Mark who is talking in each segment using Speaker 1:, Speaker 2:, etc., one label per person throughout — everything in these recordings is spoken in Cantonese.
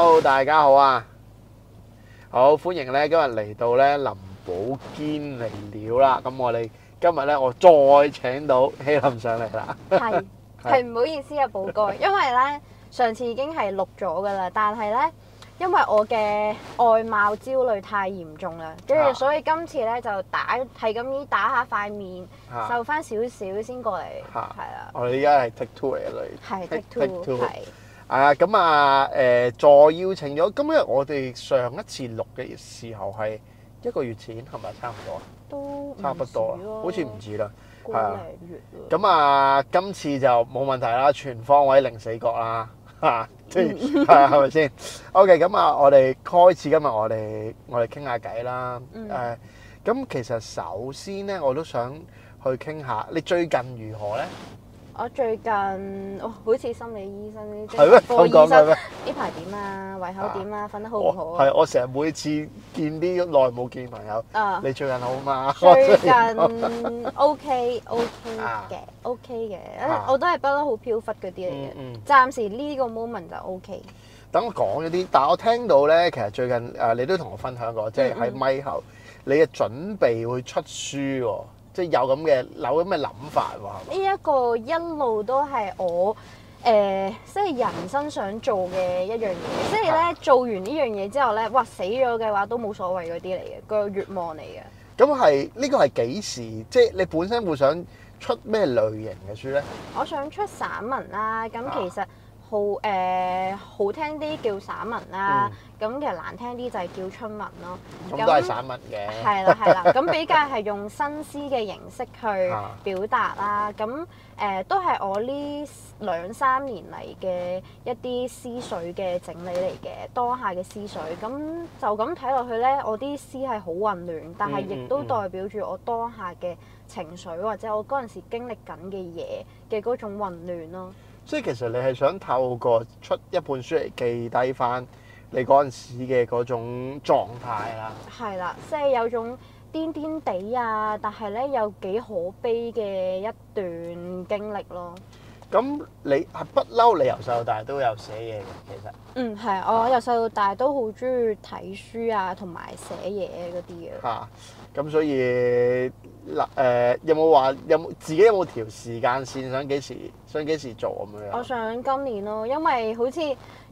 Speaker 1: hello，大家好啊，好歡迎咧，今日嚟到咧林寶堅嚟料啦，咁我哋今日咧我再請到希林上嚟啦，係
Speaker 2: 係唔好意思啊，寶哥，因為咧上次已經係錄咗噶啦，但係咧因為我嘅外貌焦慮太嚴重啦，跟住所以今次咧就打係咁依打下塊面，瘦翻少少先過嚟，係啦的，的
Speaker 1: 我哋依家係 take two 嚟嘅女，係的 take two 係 take two.。係啊，咁啊，誒再邀請咗。今日我哋上一次錄嘅時候係一個月前，係咪差唔多啊？都差不多咯，好似唔止啦，係啊。咁啊，今次就冇問題啦，全方位零死角啦，嚇，即係係咪先？OK，咁啊，我哋開始今日我哋我哋傾下偈啦。誒、嗯，咁、啊、其實首先咧，我都想去傾下你最近如何咧。
Speaker 2: 我最近好似心理醫生呢，科醫生呢排點啊？胃口點啊？瞓得好唔好啊？係，我
Speaker 1: 成日每次見啲耐冇見朋友，你最近好嘛？最近
Speaker 2: OK OK 嘅 OK 嘅，我都係不嬲好飄忽嗰啲嚟嘅，暫時呢個 moment 就 OK。
Speaker 1: 等我講咗啲，但係我聽到咧，其實最近誒你都同我分享過，即係喺咪後你嘅準備會出書喎。即係有咁嘅有咁嘅諗法，呢一
Speaker 2: 個一路都係我誒、呃，即係人生想做嘅一樣嘢。即係咧做完呢樣嘢之後咧，哇死咗嘅話都冇所謂嗰啲嚟嘅，個願望嚟
Speaker 1: 嘅。咁係呢個係幾時？即係你本身會想出咩類型嘅書咧？
Speaker 2: 我想出散文啦。咁其實。啊好誒、呃，好聽啲叫散文啦，咁其實難聽啲就係叫春文咯。咁都係散
Speaker 1: 文嘅。係啦係啦，咁 比較係
Speaker 2: 用新詩嘅形式去表達啦。咁誒、啊呃、都係我呢兩三年嚟嘅一啲思緒嘅整理嚟嘅，當下嘅思緒。咁就咁睇落去咧，我啲詩係好混亂，但係亦都代表住我當下嘅情緒、嗯嗯嗯、或者我嗰陣時經歷緊嘅嘢嘅嗰種混亂咯。
Speaker 1: 即係其實你係想透過出一本書嚟記低翻你嗰陣時嘅嗰種狀態啦，
Speaker 2: 係啦，即係有種癲癲地啊，但係咧有幾可悲嘅一段經歷咯。咁
Speaker 1: 你係不嬲，你由細到大都有寫嘢嘅，其實。
Speaker 2: 嗯，係，我由細到大都好中意睇書啊，同埋寫嘢嗰啲
Speaker 1: 嘅。咁所以嗱誒、呃，有冇話有冇自己有冇條時間線想幾時想幾時做咁樣？我
Speaker 2: 想今年咯，因為好似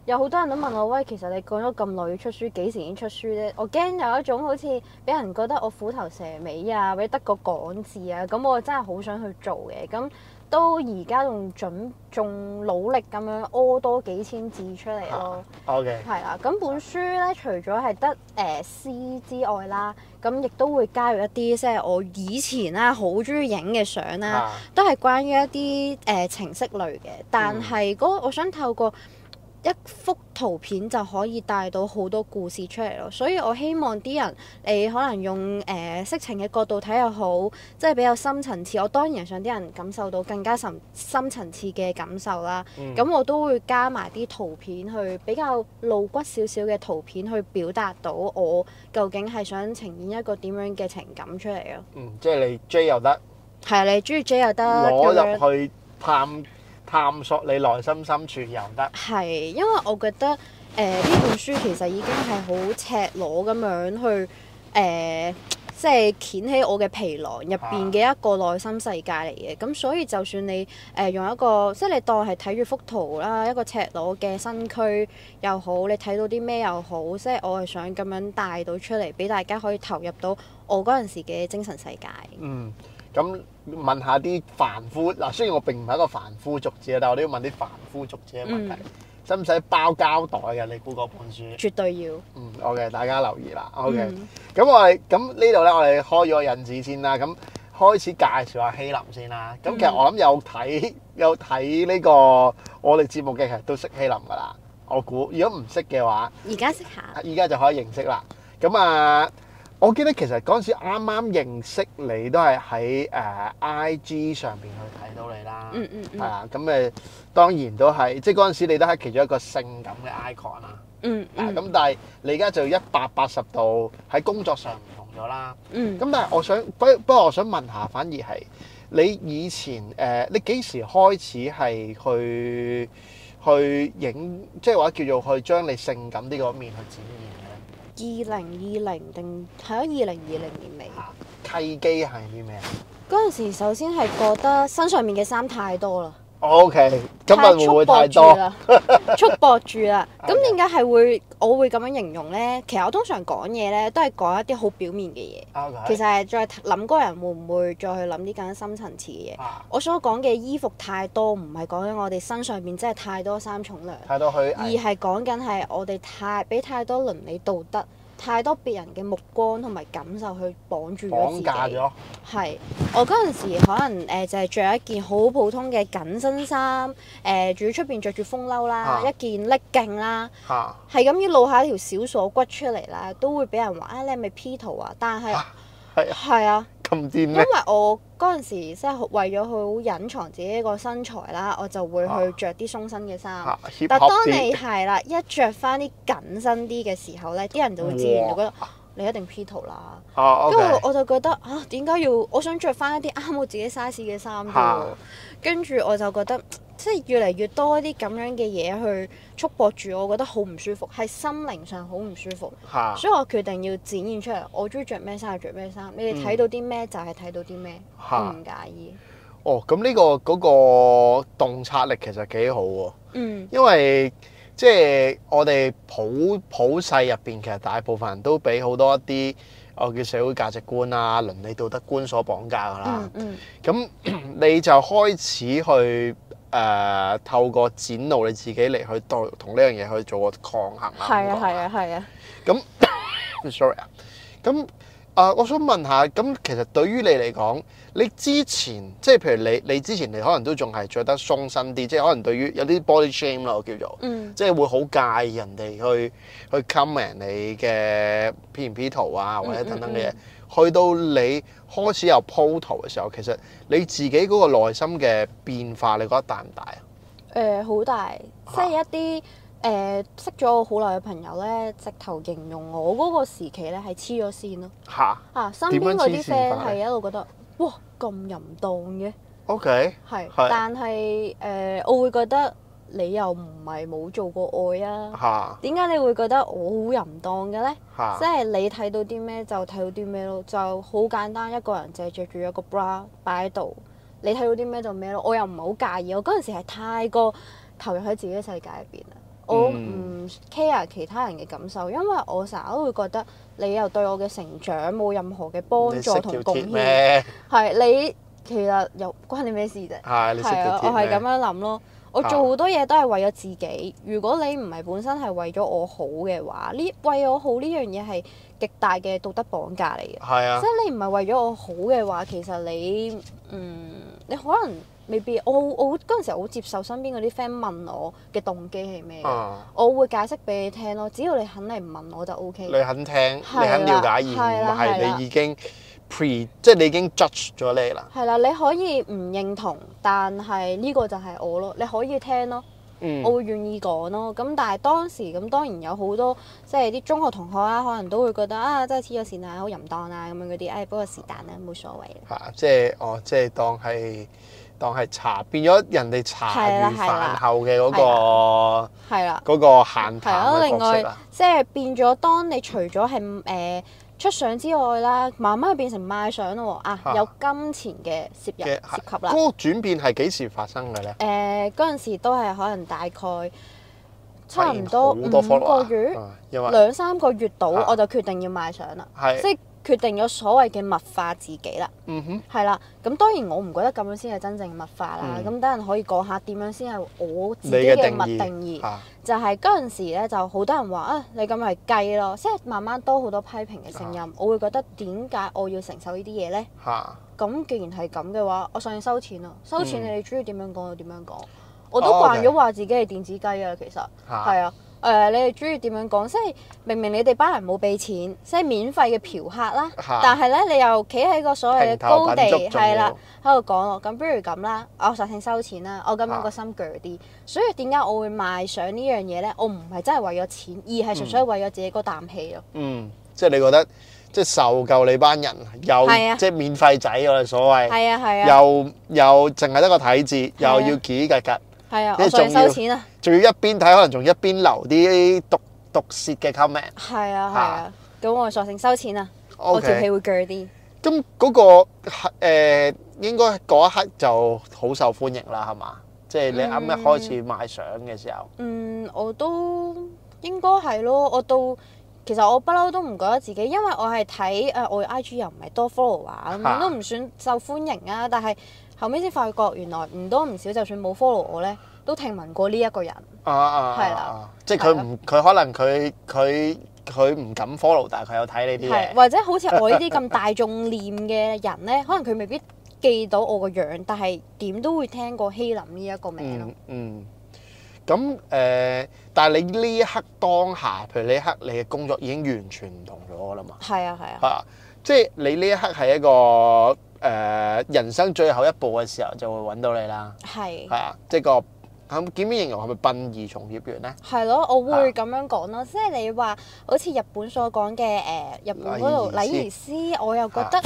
Speaker 2: 有好多人都問我喂，其實你講咗咁耐要出書，幾時先出書咧？我驚有一種好似俾人覺得我虎頭蛇尾啊，或者得個講字啊，咁我真係好想去做嘅咁。都而家仲準仲努力咁樣屙多幾千字出嚟咯。O K、啊。係、okay. 啦，咁本書咧，除咗係得誒詩之外啦，咁亦都會加入一啲即係我以前啦好中意影嘅相啦，啊啊、都係關於一啲誒情色類嘅，但係、嗰個、我想透過。嗯一幅圖片就可以帶到好多故事出嚟咯，所以我希望啲人，你可能用誒、呃、色情嘅角度睇又好，即係比較深層次。我當然係想啲人感受到更加深深層次嘅感受啦。咁、嗯、我都會加埋啲圖片去比較露骨少少嘅圖片去表達到我究竟係想呈現一個點樣嘅情感出嚟咯、嗯。
Speaker 1: 即係你 J 又得。
Speaker 2: 係啊，你中意 J 又得。攞入去
Speaker 1: 探，探索你內心深處又得，
Speaker 2: 係因為我覺得誒呢、呃、本書其實已經係好赤裸咁樣去誒、呃，即係掀起我嘅皮囊入邊嘅一個內心世界嚟嘅。咁、啊、所以就算你誒、呃、用一個，即係你當係睇住幅圖啦，一個赤裸嘅身軀又好，你睇到啲咩又好，即係我係想咁樣帶到出嚟，俾大家可以投入到我嗰陣時嘅精神世界。嗯。
Speaker 1: 咁問下啲凡夫嗱，雖然我並唔係一個凡夫俗子啊，但係我都要問啲凡夫俗子嘅問題，使唔使包膠袋嘅？你估個本書？絕對要。嗯，OK，大家留意啦。OK，咁、嗯、我哋咁呢度咧，我哋開咗個引子先啦，咁開始介紹下希林先啦。咁其實我諗有睇有睇呢、呢個我哋節目嘅其實都識希林㗎啦。我估如果唔識嘅話，而家識下，而家就可以認識啦。咁啊～我記得其實嗰陣時啱啱認識你都係喺誒 IG 上邊去睇到你啦，係啊、嗯，咁、嗯、誒當然都係，即係嗰陣時你都係其中一個性感嘅 icon 啦、嗯，啊、嗯、咁，但係你而家就一百八十度喺工作上唔同咗啦，咁、嗯嗯、但係我想不不過我想問下，反而係你以前誒、uh, 你幾時開始係去去影即係話叫做去將你性感呢個面去展現？
Speaker 2: 二零二零定係咯，二零二零年尾契機係啲咩啊？嗰陣時首先係覺得身上面嘅衫太多啦。
Speaker 1: O K，今日會唔會太多
Speaker 2: 啦？束縛住啦！咁點解係會？我會咁樣形容咧。其實我通常講嘢咧，都係講一啲好表面嘅嘢。Okay. 其實係再諗嗰個人會唔會再去諗啲更加深層次嘅嘢。啊、我所講嘅衣服太多，唔係講緊我哋身上面真係太多三重量，太
Speaker 1: 多去，而係
Speaker 2: 講緊係我哋太俾太多倫理道德。太多別人嘅目光同埋感受去綁住咗自己，係我嗰陣時可能誒、呃、就係、是、着一件好普通嘅緊身衫，誒仲要出邊着住風褸啦，啊、一件甩勁啦，係咁要露下一條小鎖骨出嚟啦，都會俾人話：，啊、哎，你係咪 P 圖啊？但係係啊。
Speaker 1: 因為我
Speaker 2: 嗰陣時即係為咗好隱藏自己個身材啦，我就會去着啲鬆身嘅衫。啊、但係當你係啦點，一着翻啲緊身啲嘅時候呢，啲人就會自然就哇覺得你一定 P 圖啦。
Speaker 1: 跟住我
Speaker 2: 就覺得啊，點解要我想着翻一啲啱我自己 size 嘅衫？跟住我就覺得。啊好即係越嚟越多一啲咁樣嘅嘢去束縛住我，覺得好唔舒服，係心靈上好唔舒服。係啊，所以我決定要展現出嚟。我中意着咩衫就着咩衫。你哋睇到啲咩就係睇到啲咩，係啊，唔介意。
Speaker 1: 哦，咁呢個嗰個洞察力其實幾好喎。嗯，因為即係我哋普普世入邊，其實大部分人都俾好多一啲我叫社會價值觀啊、倫理道德觀所綁架㗎啦。嗯嗯，咁你就開始去。誒、呃，透過展露你自己嚟去，同呢樣嘢去做個抗衡啊！
Speaker 2: 係啊，係啊，係啊那。
Speaker 1: 咁 ，sorry 啊。咁、呃、啊，我想問下，咁其實對於你嚟講，你之前即係譬如你，你之前你可能都仲係着得鬆身啲，即係可能對於有啲 body shame 咯，叫做，即係、嗯、會好介意人哋去去 comment 你嘅 P 唔 P 圖啊，或者等等嘅嘢。嗯嗯嗯去到你開始有鋪圖嘅時候，其實你自己嗰個內心嘅變化，你覺得大唔大？、呃、大啊？
Speaker 2: 誒，好、呃、大，即係一啲誒識咗我好耐嘅朋友咧，直頭形容我嗰個時期咧係黐咗線咯。嚇、啊！嚇、啊，身邊嗰啲 friend 係一路覺得，啊、哇，咁淫蕩嘅。
Speaker 1: OK。係，但
Speaker 2: 係誒、呃，我會覺得。你又唔係冇做過愛啊？點解哈你會覺得我好淫蕩嘅呢？哈即係你睇到啲咩就睇到啲咩咯，就好簡單一個人借着住一個 bra 擺喺度，你睇到啲咩就咩咯。我又唔係好介意，我嗰陣時係太過投入喺自己嘅世界入邊啦。嗯、我唔 care 其他人嘅感受，因為我成日都會覺得你又對我嘅成長冇任何嘅幫助同貢獻。係你其實又關你咩事啫？係啊，你識條鐵咩？我係咁樣諗咯。我做好多嘢都係為咗自己。如果你唔係本身係為咗我好嘅話，呢為我好呢樣嘢係極大嘅道德綁架嚟嘅。係啊！即係你唔係為咗我好嘅話，其實你嗯，你可能未必。我我嗰陣時好接受身邊嗰啲 friend 問我嘅動機係咩，啊、我會解釋俾你聽咯。只要你肯嚟唔問我就 OK。你肯
Speaker 1: 聽，你肯了解、啊、而唔係你已經。Pre，即係你已經 judge 咗你啦。
Speaker 2: 係啦，你可以唔認同，但係呢個就係我咯。你可以聽咯，嗯、我會願意講咯。咁但係當時咁當然有好多，即係啲中學同學啊，可能都會覺得啊，真係黐咗線啊，好淫蕩啊，咁樣嗰啲。誒，不過是但啦，冇所謂。係、啊、
Speaker 1: 即係我、哦、即係當係當係茶，變咗人哋茶餘、那個，餘飯後嘅嗰個係啦，嗰個閒談嘅角
Speaker 2: 色即係變咗當你除，除咗係誒，出相之外啦，慢慢去變成賣相咯喎，啊，啊有金錢嘅涉入涉及啦。嗰、嗰
Speaker 1: 個轉變係幾時發生嘅咧？誒、
Speaker 2: 呃，嗰陣時都係可能大概差唔多，多五個月，
Speaker 1: 啊、兩
Speaker 2: 三個月到，啊、我就決定要賣相啦。係即的。決定咗所謂嘅物化自己啦，係啦、嗯哼，咁當然我唔覺得咁樣先係真正物化啦。咁等、嗯、陣可以講下點樣先係我自己嘅物定義？定義就係嗰陣時咧，就好多人話啊，你咁係雞咯，即係慢慢多好多批評嘅聲音。啊、我會覺得點解我要承受呢啲嘢呢？咁、啊、既然係咁嘅話，我想要收錢啦，收錢你中意點樣講就點樣講，嗯、我都慣咗話自己係電子雞啊，其實係啊。啊誒，你哋中意點樣講？即係明明你哋班人冇俾錢，即係免費嘅嫖客啦。但係咧，你又企喺個所謂嘅高地，係啦，喺度講咯。咁不如咁啦，我索性收錢啦。我咁樣個心鋸啲。所以點解我會賣上呢樣嘢咧？我唔係真係為咗錢，而係純粹為咗自己嗰啖氣咯。嗯，
Speaker 1: 即係你覺得即係受夠你班人又即係免費仔我哋所謂，係啊係啊，又又淨係得個體字，又要幾格格。
Speaker 2: 係啊，我索性收錢
Speaker 1: 啊！仲要一邊睇，可能仲一邊留啲毒毒舌嘅 comment。
Speaker 2: 係啊係啊，咁我索性收錢啊！的我條氣 Okay. 會鋸啲。
Speaker 1: 咁嗰、那個誒、呃，應該嗰一刻就好受歡迎啦，係嘛？即係、嗯、你啱啱開始賣相嘅時候。嗯，
Speaker 2: 我都應該係咯。我到其實我不嬲都唔覺得自己，因為我係睇誒，我 I G 又唔係多 follow 啊的，咁都唔算受歡迎啊。但係。後尾先發覺，原來唔多唔少，就算冇 follow 我咧，都聽聞過呢一個人。
Speaker 1: 啊啊，啊，啊的，係啦，即係佢唔佢可能佢佢佢唔敢 follow，但係佢有睇呢啲嘢。或者好似我呢啲咁大
Speaker 2: 眾念嘅人咧， 可能佢未必記到我個樣，但係點都會聽過希林呢一個名。
Speaker 1: 嗯，咁、嗯、誒、呃，但係你呢一刻當下，譬如呢一刻，你嘅工作已經完全唔同咗噶啦嘛。
Speaker 2: 係啊係啊。係啊，
Speaker 1: 即係你呢一刻係一個。誒人生最後一步嘅時候就會揾到你啦，
Speaker 2: 係，係啊，
Speaker 1: 即係個咁點樣形容係咪殯儀從業員咧？
Speaker 2: 係咯，我會咁樣講咯，即係你話好似日本所講嘅誒日本嗰度禮儀師，我又覺得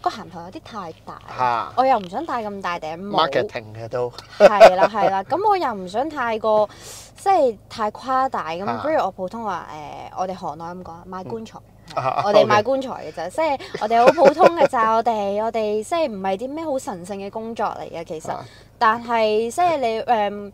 Speaker 2: 個銜頭有啲太大，我又唔想戴咁大頂帽。marketing 嘅都係啦，係啦，咁我又唔想太過即係太誇大咁，不如我普通話誒，我哋行內咁講賣棺材。啊、我哋賣棺材嘅咋， 即係我哋好普通嘅咋， 我哋我哋即係唔係啲咩好神聖嘅工作嚟嘅其實，啊、但係即係你誒，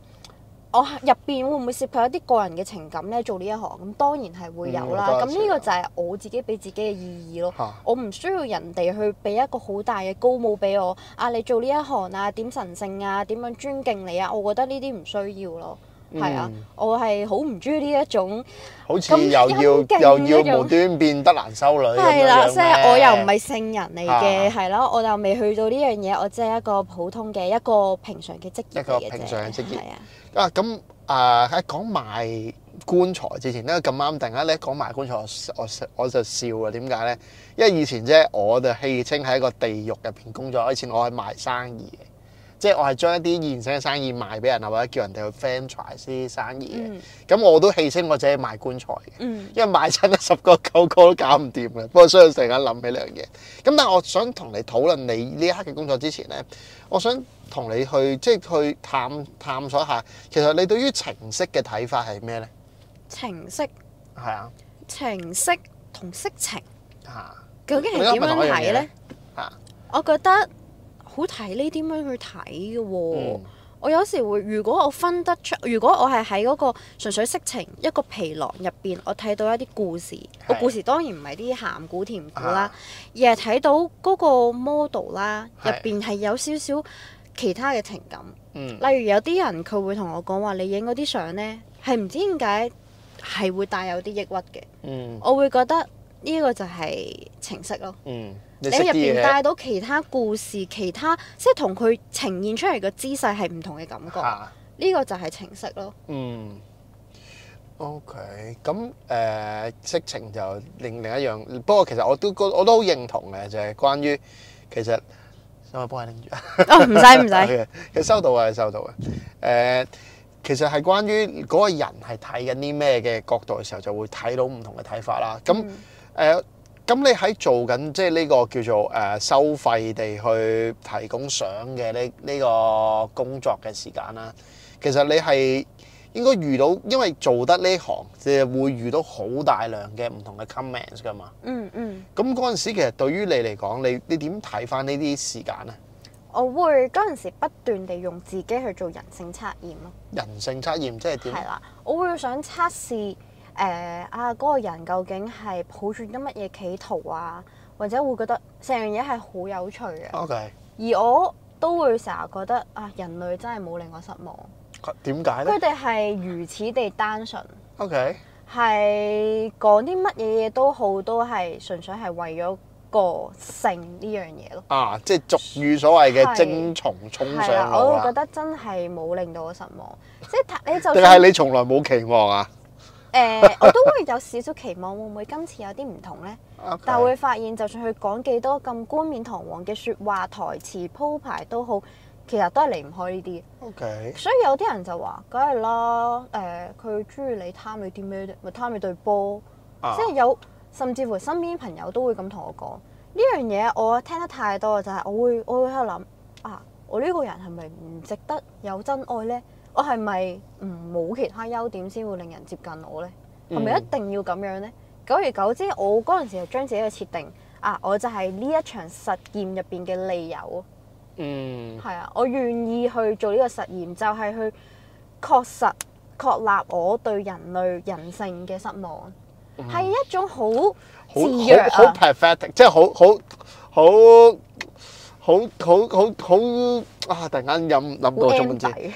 Speaker 2: 我入邊會唔會涉及一啲個人嘅情感咧？做呢一行咁當然係會有啦。咁呢、嗯、個就係我自己俾自己嘅意義咯。啊、我唔需要人哋去俾一個好大嘅高帽俾我啊！你做呢一行啊，點神聖啊，點樣尊敬你啊？我覺得呢啲唔需要咯。係啊，我係好唔中意呢一種，好似又要又要無
Speaker 1: 端變得難修女。係啦了，即係我又
Speaker 2: 唔係聖人嚟嘅，係咯、啊，我就未去到呢樣嘢，我只係一個普通嘅一個平常嘅職業，一個平
Speaker 1: 常嘅職業。係啊的。啊，咁、呃、啊，喺講埋棺材之前咧，咁啱突然間咧講埋棺材，我我我就笑啊。點解咧？因為以前啫，我就戲稱喺一個地獄入邊工作，以前我係賣生意嘅。即係我係將一啲現成嘅生意賣俾人啊，或者叫人哋去 franchise 啲生意嘅。咁、嗯、我都戲稱我自己賣棺材嘅，嗯、因為賣親得十個九個都搞唔掂嘅。不過所以成日諗起呢樣嘢。咁但係我想同你討論你呢一刻嘅工作之前咧，我想同你去即係去探探索下，其實你對於情色嘅睇法係咩咧？
Speaker 2: 情色係啊，情色同色情啊，究竟係點樣睇咧？啊，我覺得。好睇呢啲樣去睇嘅喎？嗯、我有時會，如果我分得出，如果我係喺嗰個純粹色情一個皮囊入邊，我睇到一啲故事。個是故事當然唔係啲鹹古甜古啦，啊、而係睇到嗰個 model 啦，入邊係有少少其他嘅情感。嗯、例如有啲人佢會同我講話，你影嗰啲相呢，係唔知點解係會帶有啲抑鬱嘅。嗯、我會覺得呢個就係情色咯。嗯
Speaker 1: 你入邊帶到
Speaker 2: 其他故事，其他即係同佢呈現出嚟嘅姿勢係唔同嘅感覺。呢哈個就係情色咯。
Speaker 1: 嗯。O K，咁誒色情就另另一樣。不過其實我都我都好認同嘅，就係、是、關於其實。使唔使幫你拎住哦，唔使唔使。 其實收到啊，收到啊。誒、呃，其實係關於嗰個人係睇緊啲咩嘅角度嘅時候，就會睇到唔同嘅睇法啦。咁誒。嗯咁你喺做緊即係呢個叫做誒收費地去提供相嘅呢呢個工作嘅時間啦，其實你係應該遇到，因為做得呢行，即係會遇到好大量嘅唔同嘅 comments 㗎嘛。嗯嗯。咁嗰陣時其實對於你嚟講，你你點睇返呢啲時間啊？
Speaker 2: 我會嗰陣時不斷地用自己去做人性測驗囉。
Speaker 1: 人性測驗即係點？係啦，
Speaker 2: 我會想測試。誒、呃、啊！嗰、那個人究竟係抱住啲乜嘢企圖啊？或者會覺得成樣嘢係好有趣嘅。O K。而我都會成日覺得啊，人類真係冇令我失望。
Speaker 1: 點解咧？佢哋
Speaker 2: 係如此地單純。O
Speaker 1: K。
Speaker 2: 係講啲乜嘢嘢都好，都係純粹係為咗個性呢樣嘢咯。
Speaker 1: 啊！即係俗語所謂嘅精蟲衝上腦。我就覺
Speaker 2: 得真係冇令到我失望。即係你就定係你從
Speaker 1: 來冇期望啊？
Speaker 2: 誒， 我都會有少少期望，會唔會今次有啲唔同呢？Okay. 但會發現，就算佢講幾多咁冠冕堂皇嘅説話、台詞、鋪排都好，其實都係離唔開呢啲。OK，所以有啲人就話：梗係啦，誒、呃，佢中意你貪你啲咩？咪貪你對波，啊、即係有，甚至乎身邊朋友都會咁同我講呢樣嘢。我聽得太多，就係、是、我會，我會喺度諗啊，我呢個人係咪唔值得有真愛呢？」我係咪唔冇其他優點先會令人接近我呢？係咪、嗯、一定要咁樣呢？久而久之，我嗰陣時又將自己嘅設定啊，我就係呢一場實驗入邊嘅理由。嗯，係啊，我願意去做呢個實驗，就係、是、去確實確立我對人類人性嘅失望，係、嗯、一種自、啊、好自虐即
Speaker 1: 係好好好好好好好，好啊！突然間諗到咗很 ended.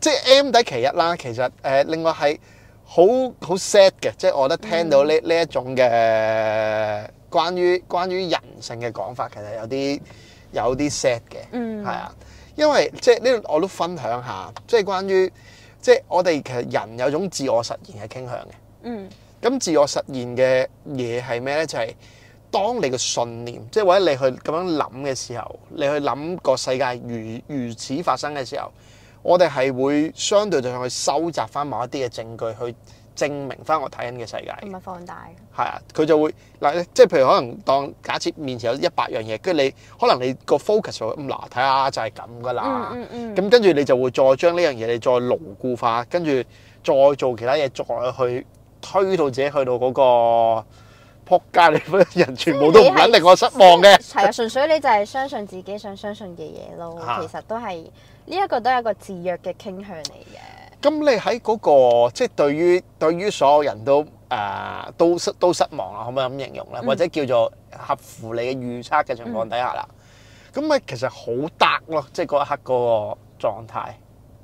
Speaker 1: 即係 M 底其一啦，其實誒、呃，另外係好好 sad 嘅，即係我覺得聽到呢呢一種嘅關於關於人性嘅講法，其實有啲有啲 sad 嘅，嗯，係啊，因為即係呢，我都分享下，即係關於即係我哋其實人有種自我實現嘅傾向嘅，嗯，咁自我實現嘅嘢係咩咧？就係、是、當你嘅信念，即係或者你去咁樣諗嘅時候，你去諗個世界如如此發生嘅時候。我哋係會相對就去收集翻某一啲嘅證據，去證明翻我睇緊嘅世界。
Speaker 2: 唔係放大。
Speaker 1: 係啊，佢就會嗱，即係譬如可能當假設面前有一百樣嘢，跟住你可能你個 focus 就嗱，睇下就係咁噶啦。嗯，咁跟住你就會再將呢樣嘢，你再牢固化，跟住再做其他嘢，再去推到自己去到嗰個撲街，你人全部都唔肯令我失望嘅。係啊，純
Speaker 2: 粹你就係相信自己想相信嘅嘢咯， 其實都係。呢一個都係一個自虐嘅傾向嚟嘅。
Speaker 1: 咁你喺嗰、那個即係、就是、對於對於所有人都誒、呃、都失都失望啊，可唔可以咁形容咧？嗯、或者叫做合乎你嘅預測嘅情況底下啦。咁咪、嗯、其實好得咯，即係嗰一刻嗰個狀態。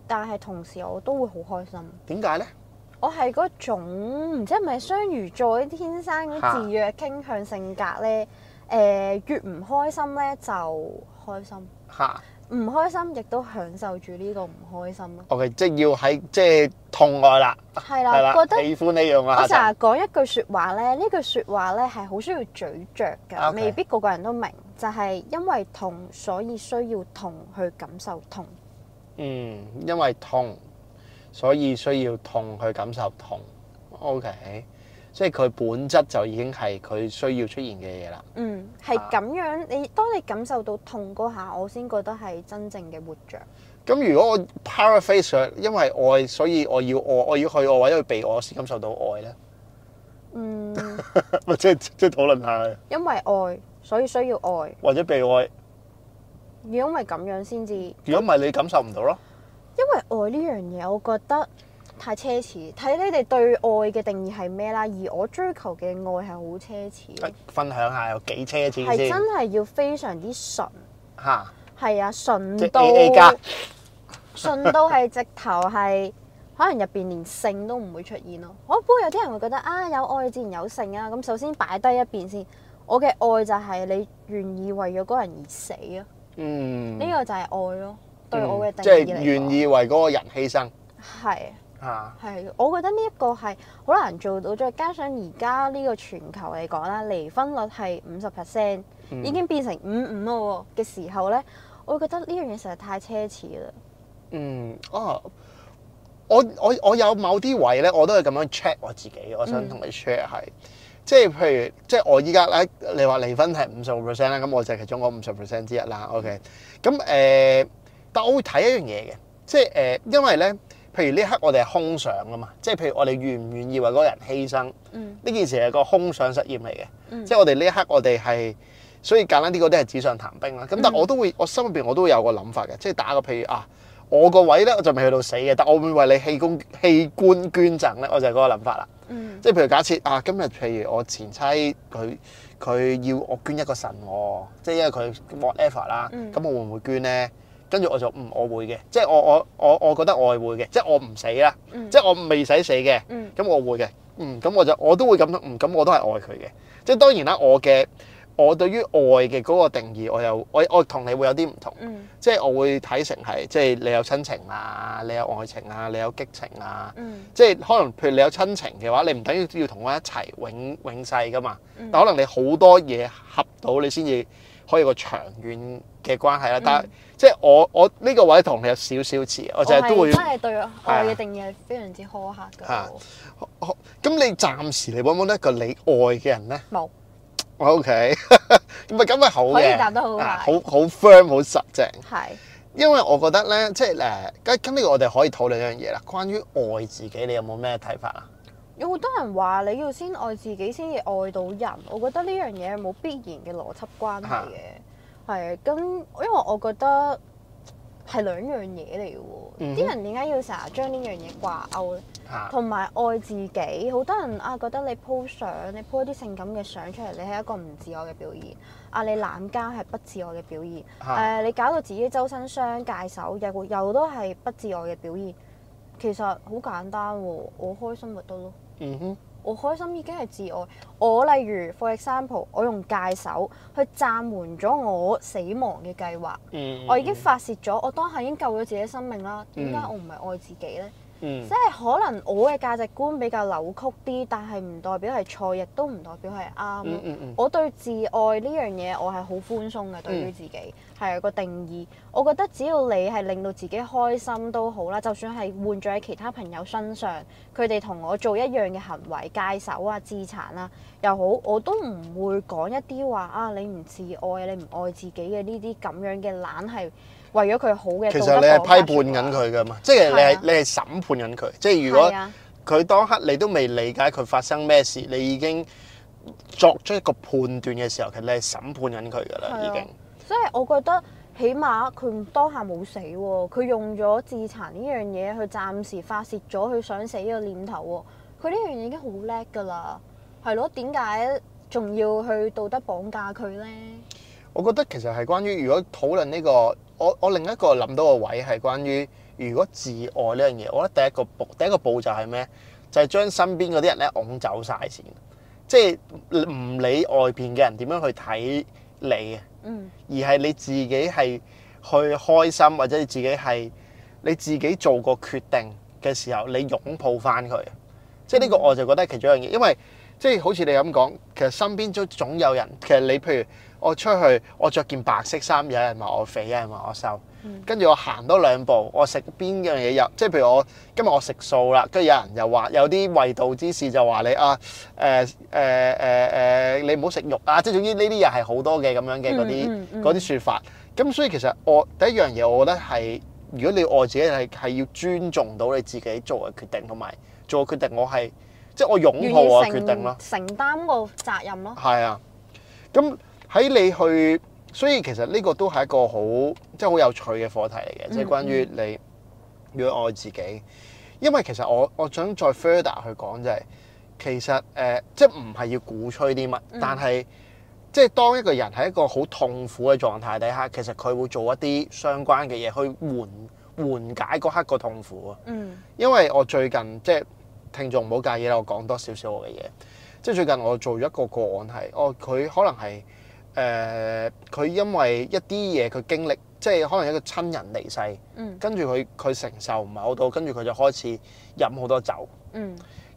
Speaker 2: 但係同時我都會好開心。點解咧？我係嗰種唔知係咪雙魚座天生嘅自虐傾向性格咧？誒哈、呃，越唔開心咧就開心。嚇！唔開心，亦都享受住呢個唔開心
Speaker 1: 咯。OK，即係要喺即係痛愛啦。
Speaker 2: 係啦，喜
Speaker 1: 歡呢樣啊。我成日
Speaker 2: 講一句説話咧，呢句説話咧係好需要咀嚼嘅，未必個個人都明。就係因為痛，所以需要痛去感受痛。
Speaker 1: 嗯，因為痛，所以需要痛去感受痛。OK。即係佢本質就已經係佢需要出現嘅嘢啦。嗯，
Speaker 2: 係咁樣。你當你感受到痛嗰下，我先覺得係真正嘅活着。
Speaker 1: 咁、啊、如果我 power face 因為愛，所以我要我我要去愛或者去被愛先感受到愛呢？嗯。或 即係即係討論下。
Speaker 2: 因為愛，所以需要愛，
Speaker 1: 或者被愛。
Speaker 2: 如果唔係咁樣，先至。
Speaker 1: 如果唔係，你感受唔到咯。
Speaker 2: 因為愛呢樣嘢，我覺得。太奢侈，睇你哋對愛嘅定義係咩啦？而我追求嘅愛係好奢侈，
Speaker 1: 分享下有幾奢侈先。係真
Speaker 2: 係要非常之純嚇，係啊哈，純到純到係 直頭係可能入邊連性都唔會出現咯。不過有啲人會覺得啊，有愛自然有性啊。咁首先擺低一邊先，我嘅愛就係你願意為咗嗰人而死啊。嗯，
Speaker 1: 呢個就
Speaker 2: 係愛咯，對我嘅定義、嗯、即係願
Speaker 1: 意為嗰個人犧牲，
Speaker 2: 係。係、啊，我覺得呢一個係好難做到，再加上而家呢個全球嚟講啦，離婚率係五十 percent，已經變成五五咯嘅時候咧，我會覺得呢樣嘢實在太奢侈啦。嗯哦、啊，
Speaker 1: 我我我有某啲位咧，我都係咁樣 check 我自己，我想同你 share 係、嗯，即係譬如即係我依家咧，你話離婚係五十個 percent 咧，咁我就係其中嗰五十 percent 之一啦。OK，咁誒、呃，但我會睇一樣嘢嘅，即係誒、呃，因為咧。譬如呢刻我哋係空想㗎嘛，即係譬如我哋願唔願意為嗰個人犧牲，呢、嗯、件事係個空想實驗嚟嘅，嗯、即係我哋呢一刻我哋係，所以簡單啲嗰啲係紙上談兵啦。咁、嗯、但係我都會，我心入邊我都會有個諗法嘅，即係打個譬如啊，我個位咧就未去到死嘅，但係我會為你器官器官捐贈咧，我就係嗰個諗法啦。嗯、即係譬如假設啊，今日譬如我前妻佢佢要我捐一個腎喎，即係因為佢 whatever 啦，咁我會唔會捐咧？跟住我就唔我會嘅，即係我我我我覺得我係會嘅，即係我唔死啦，嗯、即係我未使死嘅，咁、嗯、我會嘅，嗯，咁我就我都會咁樣，咁、嗯、我都係愛佢嘅。即係當然啦，我嘅我對於愛嘅嗰個定義，我又我我同你會有啲唔同，嗯、即係我會睇成係即係你有親情啊，你有愛情啊，你有激情啊，嗯、即係可能譬如你有親情嘅話，你唔等於要同我一齊永永世㗎嘛，嗯、但可能你好多嘢合到你先至可以個長遠嘅關係啦、嗯，但係、嗯。即係我我呢個位同你有少少似，我成日都會。係真係對愛嘅定
Speaker 2: 義係非常之苛刻㗎。嚇
Speaker 1: 的！咁你暫時你揾唔揾一個你愛嘅人咧？冇。O K，唔係咁咪好可以答得好快， 啊、好好 firm 好實正淨。係的。因為我覺得咧，即係誒，今咁呢個我哋可以討論一樣嘢啦。關於愛自己，你有冇咩睇法啊？
Speaker 2: 有好多人話你要先愛自己先至愛到人，我覺得呢樣嘢冇必然嘅邏輯關係嘅。係啊，咁因為我覺得係兩樣嘢嚟嘅喎，啲、嗯、哼人點解要成日將呢樣嘢掛鈎咧？同埋、啊、愛自己，好多人啊覺得你 po 相，你 po 一啲性感嘅相出嚟，你係一個唔自愛嘅表現；啊，你濫交係不自愛嘅表現；誒、啊呃，你搞到自己周身傷、戒手、又，又都係不自愛嘅表現。其實好簡單喎，我開心咪得咯。嗯哼。我開心已經係自愛。我例如 for example，我用 𠝹 手去暫緩咗我死亡嘅計劃。嗯、我已經發泄咗，我當下已經救咗自己生命啦。點解我唔係愛自己呢？即係可能我嘅價值觀比較扭曲啲，但係唔代表係錯，亦都唔代表係啱。嗯嗯嗯，我對自愛呢樣嘢，我係好寬鬆嘅對於自己，係、嗯、有個定義。我覺得只要你係令到自己開心都好啦，就算係換咗喺其他朋友身上，佢哋同我做一樣嘅行為，戒手啊、自殘啊又好，我都唔會講一啲話啊，你唔自愛，你唔愛自己嘅呢啲咁樣嘅懶係。為咗佢好嘅，其實你係批判
Speaker 1: 緊佢噶嘛？即係你係你係審判緊佢。的即係如果佢當刻你都未理解佢發生咩事，的你已經作出一個判斷嘅時候，其實你係審判緊佢噶啦。的已經，
Speaker 2: 所以我覺得，起碼佢當下冇死喎，佢用咗自殘呢樣嘢去暫時發泄咗佢想死嘅念頭喎。佢呢樣嘢已經好叻噶啦，係咯？點解仲要去道德綁架佢咧？
Speaker 1: 我覺得其實係關於如果討論呢個。我我另一個諗到個位係關於如果自愛呢樣嘢，我覺得第一個步第一個步驟就係咩？就係、是、將身邊嗰啲人咧，拱走晒先，即係唔理外邊嘅人點樣去睇你
Speaker 2: 嘅，
Speaker 1: 而係你自己係去開心，或者你自己係你自己做個決定嘅時候，你擁抱翻佢。即係呢個我就覺得係其中一樣嘢，因為即係好似你咁講，其實身邊都總有人，其實你譬如你。我出去，我着件白色衫，有人話我肥，有人話我瘦，跟住我行多兩步，我食邊樣嘢又，即係譬如我今日我食素啦，跟住有人又話有啲衛道之士就話你啊，誒誒誒誒，你唔好食肉啊，即係總之呢啲嘢係好多嘅咁樣嘅嗰啲嗰啲説法。咁、嗯嗯、所以其實我第一樣嘢，我覺得係如果你愛自己係係要尊重到你自己做嘅決定，同埋做決定我係即係我擁抱我決定咯，
Speaker 2: 承擔個責任咯，
Speaker 1: 係啊，咁、嗯。喺你去，所以其實呢個都係一個好即係好有趣嘅課題嚟嘅，即係、嗯嗯、關於你要愛自己。因為其實我我想再 further 去講、就是，就係其實誒、呃、即係唔係要鼓吹啲乜，嗯、但係即係當一個人喺一個好痛苦嘅狀態底下，其實佢會做一啲相關嘅嘢去緩緩解嗰刻個痛苦啊。嗯，因為我最近即係聽眾唔好介意啦，我講多少少我嘅嘢。即係最近我做咗一個個案係哦，佢可能係。誒，佢、呃、因為一啲嘢佢經歷，即係可能一個親人離世，嗯、跟住佢佢承受唔係好到，跟住佢就開始飲好多酒。咁、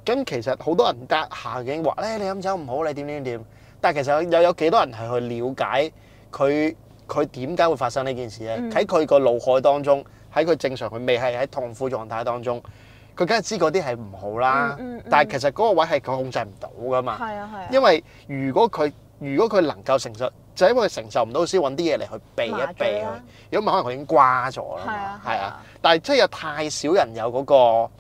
Speaker 1: 嗯、其實好多人隔下景經話咧：你飲酒唔好，你點點點。但係其實又有幾多人係去了解佢佢點解會發生呢件事咧？喺佢個腦海當中，喺佢正常，佢未係喺痛苦狀態當中，佢梗係知嗰啲係唔好啦。嗯嗯嗯、但係其實嗰個位係佢控制唔到噶嘛。嗯嗯、因為如果佢如果佢能夠承受，就係因為承受唔到先揾啲嘢嚟去避一避佢。如果唔係，可能佢已經瓜咗啦嘛。係啊，係啊，但係真係有太少人有嗰個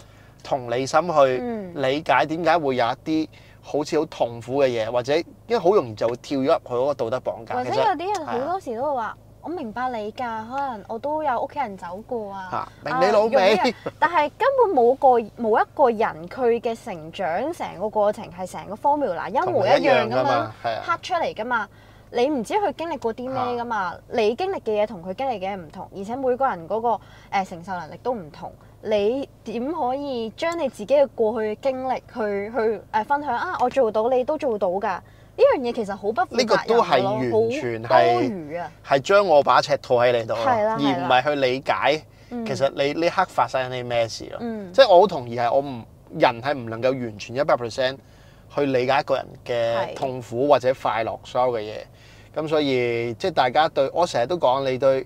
Speaker 1: 同理心去理解點解會有一啲好似好痛苦嘅嘢，或者因為好容易就會跳咗入去嗰個道德綁架。或者有啲人好多
Speaker 2: 時都會話。我明白你㗎，可能我都有屋企人走過啊。明你老味、啊，但係根本冇個冇一個人佢嘅成長成個過程係成個 formula 一模一樣㗎嘛，刻、啊、出嚟㗎嘛。你唔知佢經歷過啲咩㗎嘛，啊、你經歷嘅嘢同佢經歷嘅嘢唔同，而且每個人嗰、嗰個、呃、承受能力都唔同。你點可以將你自己嘅過去嘅經歷去去誒、呃、分享啊？我做到，你都做到㗎。呢樣嘢其實好不負責嘅，好多餘啊！
Speaker 1: 係將我把尺套喺你度，的而唔係去理解的其實你呢刻發生緊啲咩事咯。即係的我好同意係，我唔人係唔能夠完全一百 percent 去理解一個人嘅痛苦或者快樂所有嘅嘢。咁的所以即係、就是、大家對我成日都講你對。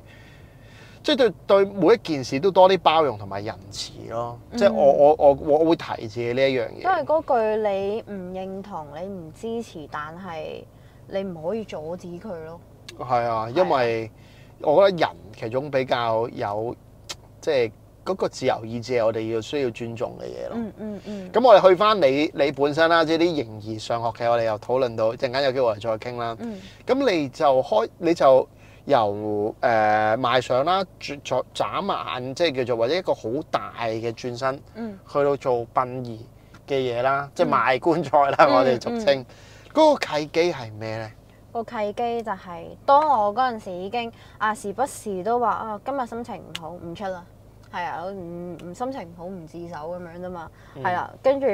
Speaker 1: 即係對，對，對每一件事都多啲包容同埋仁慈咯，嗯、即係我我我我，我會提自己呢一樣嘢。因
Speaker 2: 為嗰句你唔認同、你唔支持，但係你唔可以阻止佢
Speaker 1: 咯。係啊，因為、啊、我覺得人其中比較有即係嗰、那個自由意志係我哋要需要尊重嘅嘢咯。嗯嗯咁我哋去翻你你本身啦，即係啲形而上學嘅，我哋又討論到，陣間有機會我哋再傾啦。嗯。咁你就開你就。你就由誒、呃、賣相啦，轉做眨眼，即係叫做或者一個好大嘅轉身，嗯、去到做殯儀嘅嘢啦，嗯、即係賣棺材啦，嗯、我哋俗稱。嗰、嗯、個契機係咩咧？
Speaker 2: 個契機就係、是、當我嗰陣時已經啊，時不時都話啊，今日心情唔好，唔出啦。係啊，我唔唔心情好，唔自首咁樣啫嘛。係啦、嗯，跟住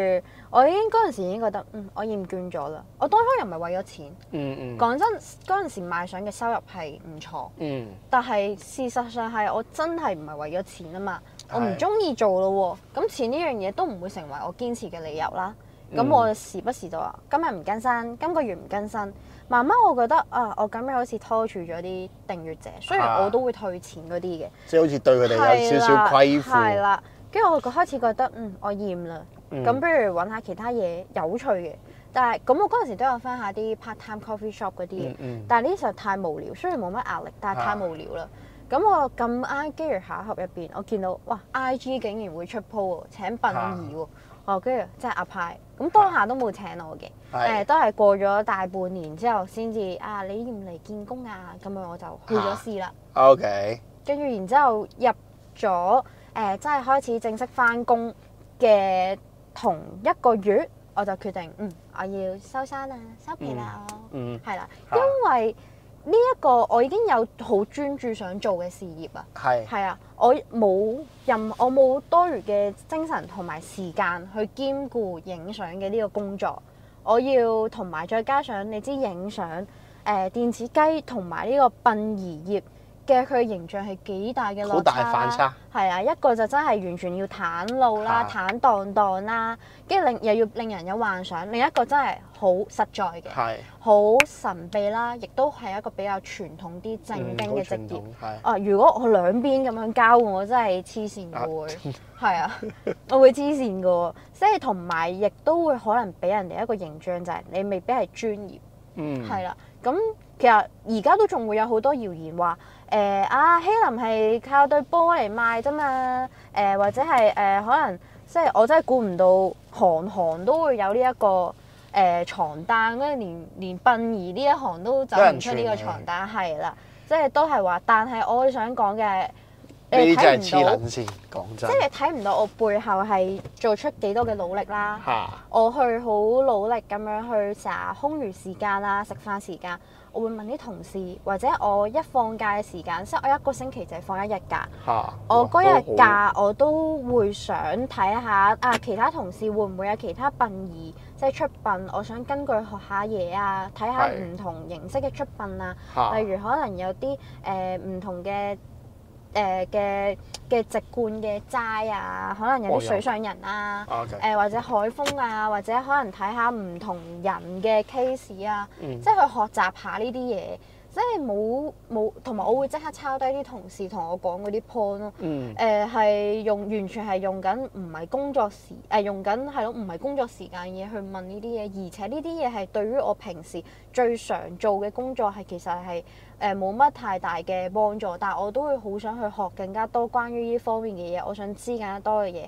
Speaker 2: 我已經嗰陣時已經覺得嗯，我厭倦咗啦。我當初又唔係為咗錢，講、嗯嗯、真嗰陣時賣相嘅收入係唔錯，嗯、但係事實上係我真係唔係為咗錢啊嘛。嗯、我唔中意做咯喎，咁錢呢樣嘢都唔會成為我堅持嘅理由啦。咁我時不時就話，今日唔更新，今個月唔更新。媽媽，慢慢我覺得啊，我咁樣好似拖住咗啲訂閱者，雖然我都會退錢嗰啲嘅，即
Speaker 1: 係好似對佢哋有少少虧負。係啦，
Speaker 2: 跟 住樂我佢開始覺得嗯，我厭啦，咁、嗯、不如揾下其他嘢有趣嘅。但係咁我嗰陣時都有翻下啲 part time coffee shop 嗰啲，嗯嗯，但係呢啲時候太無聊，雖然冇乜壓力，但係太無聊啦。咁、啊、我咁啱機遇下盒入邊，我見到哇，IG 竟然會出鋪喎，請殯儀喎。 哦，跟住即係阿派，咁當下都冇請我嘅，誒、啊呃、都係過咗大半年之後先至啊，你唔嚟見工啊？咁樣我就去咗試啦。
Speaker 1: OK。
Speaker 2: 跟住然之後入咗誒，即、呃、係開始正式翻工嘅同一個月，我就決定嗯，我要收山啦，收皮啦我、嗯，嗯，係啦，啊、因為。呢一個我已經有好專注想做嘅事業啊，係是，係啊，我冇任我冇多餘嘅精神同埋時間去兼顧影相嘅呢個工作，我要同埋再加上你知影相，誒、呃、電子雞同埋呢個殯儀業。嘅佢形象係幾大嘅落差，好大反差，係啊，一個就真係完全要坦露啦、坦蕩蕩啦，跟住另又要令人有幻想，另一個真係好實在嘅，好神秘啦，亦都係一個比較傳統啲正經嘅職業。哦，如果我兩邊咁樣交換，我真係黐線嘅會，係啊，我會黐線㗎，即係同埋亦都會可能俾人哋一個形象就係你未必係專業，嗯，係啦。咁其實而家都仲會有好多謠言話。誒啊！希林係靠對波嚟賣啫嘛！誒、呃、或者係誒、呃、可能即係、就是、我真係估唔到行行都會有呢、這、一個誒、呃、床單，跟住連連殯儀呢一行都走唔出呢個床單係啦，即係、就是、都係話。但係我想講嘅，你睇唔到，先講
Speaker 1: 真，即係
Speaker 2: 睇唔到我背後係做出幾多嘅努力啦。啊、我去好努力咁樣去查空餘時間啦，食飯時間。我會問啲同事，或者我一放假嘅時間，即係我一個星期就係放一日假。哈我嗰日假、哦、我都會想睇下啊，其他同事會唔會有其他殯儀即係出殯？我想根據學下嘢啊，睇下唔同形式嘅出殯啊，是例如可能有啲誒唔同嘅。誒嘅嘅直觀嘅齋啊，可能有啲水上人啊，誒、哦 okay. 呃、或者海風啊，或者可能睇下唔同人嘅 case 啊，嗯、即係去學習下呢啲嘢。即係冇冇，同埋我會即刻抄低啲同事同我講嗰啲 point 咯。誒係、嗯呃、用完全係用緊，唔係工作時誒、呃、用緊係咯，唔係工作時間嘢去問呢啲嘢。而且呢啲嘢係對於我平時最常做嘅工作係其實係誒冇乜太大嘅幫助。但係我都會好想去學更加多關於呢方面嘅嘢，我想知更加多嘅嘢。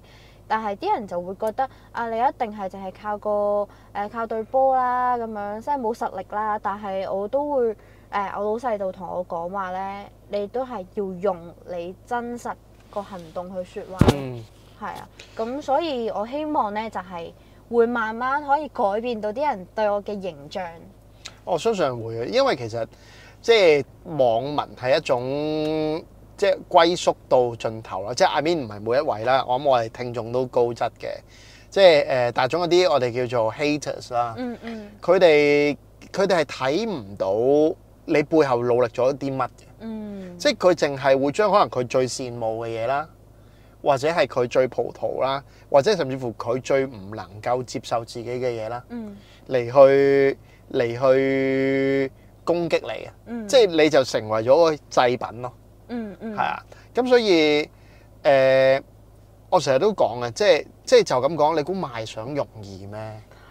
Speaker 2: 但係啲人就會覺得啊，你一定係淨係靠個誒、呃、靠對波啦咁樣，即係冇實力啦。但係我都會。誒、呃，我老細度同我講話咧，你都係要用你真實個行動去説話，係啊、嗯。咁所以我希望咧，就係、是、會慢慢可以改變到啲人對我嘅形象。
Speaker 1: 我相信會，因為其實即係網民係一種即係歸宿到盡頭啦。即係 I mean 唔係每一位啦，我諗我哋聽眾都高質嘅。即係誒，但係總有啲我哋叫做 haters 啦。嗯嗯，佢哋佢哋係睇唔到。你背後努力咗啲乜嘅？嗯，即係佢淨係會將可能佢最羨慕嘅嘢啦，或者係佢最葡萄啦，或者甚至乎佢最唔能夠接受自己嘅嘢啦，嗯，嚟去嚟去攻擊你啊！嗯、即係你就成為咗個祭品咯。嗯嗯，係、嗯、啊。咁所以誒、呃，我成日都講啊，即係即係就咁講，你估賣相容易咩？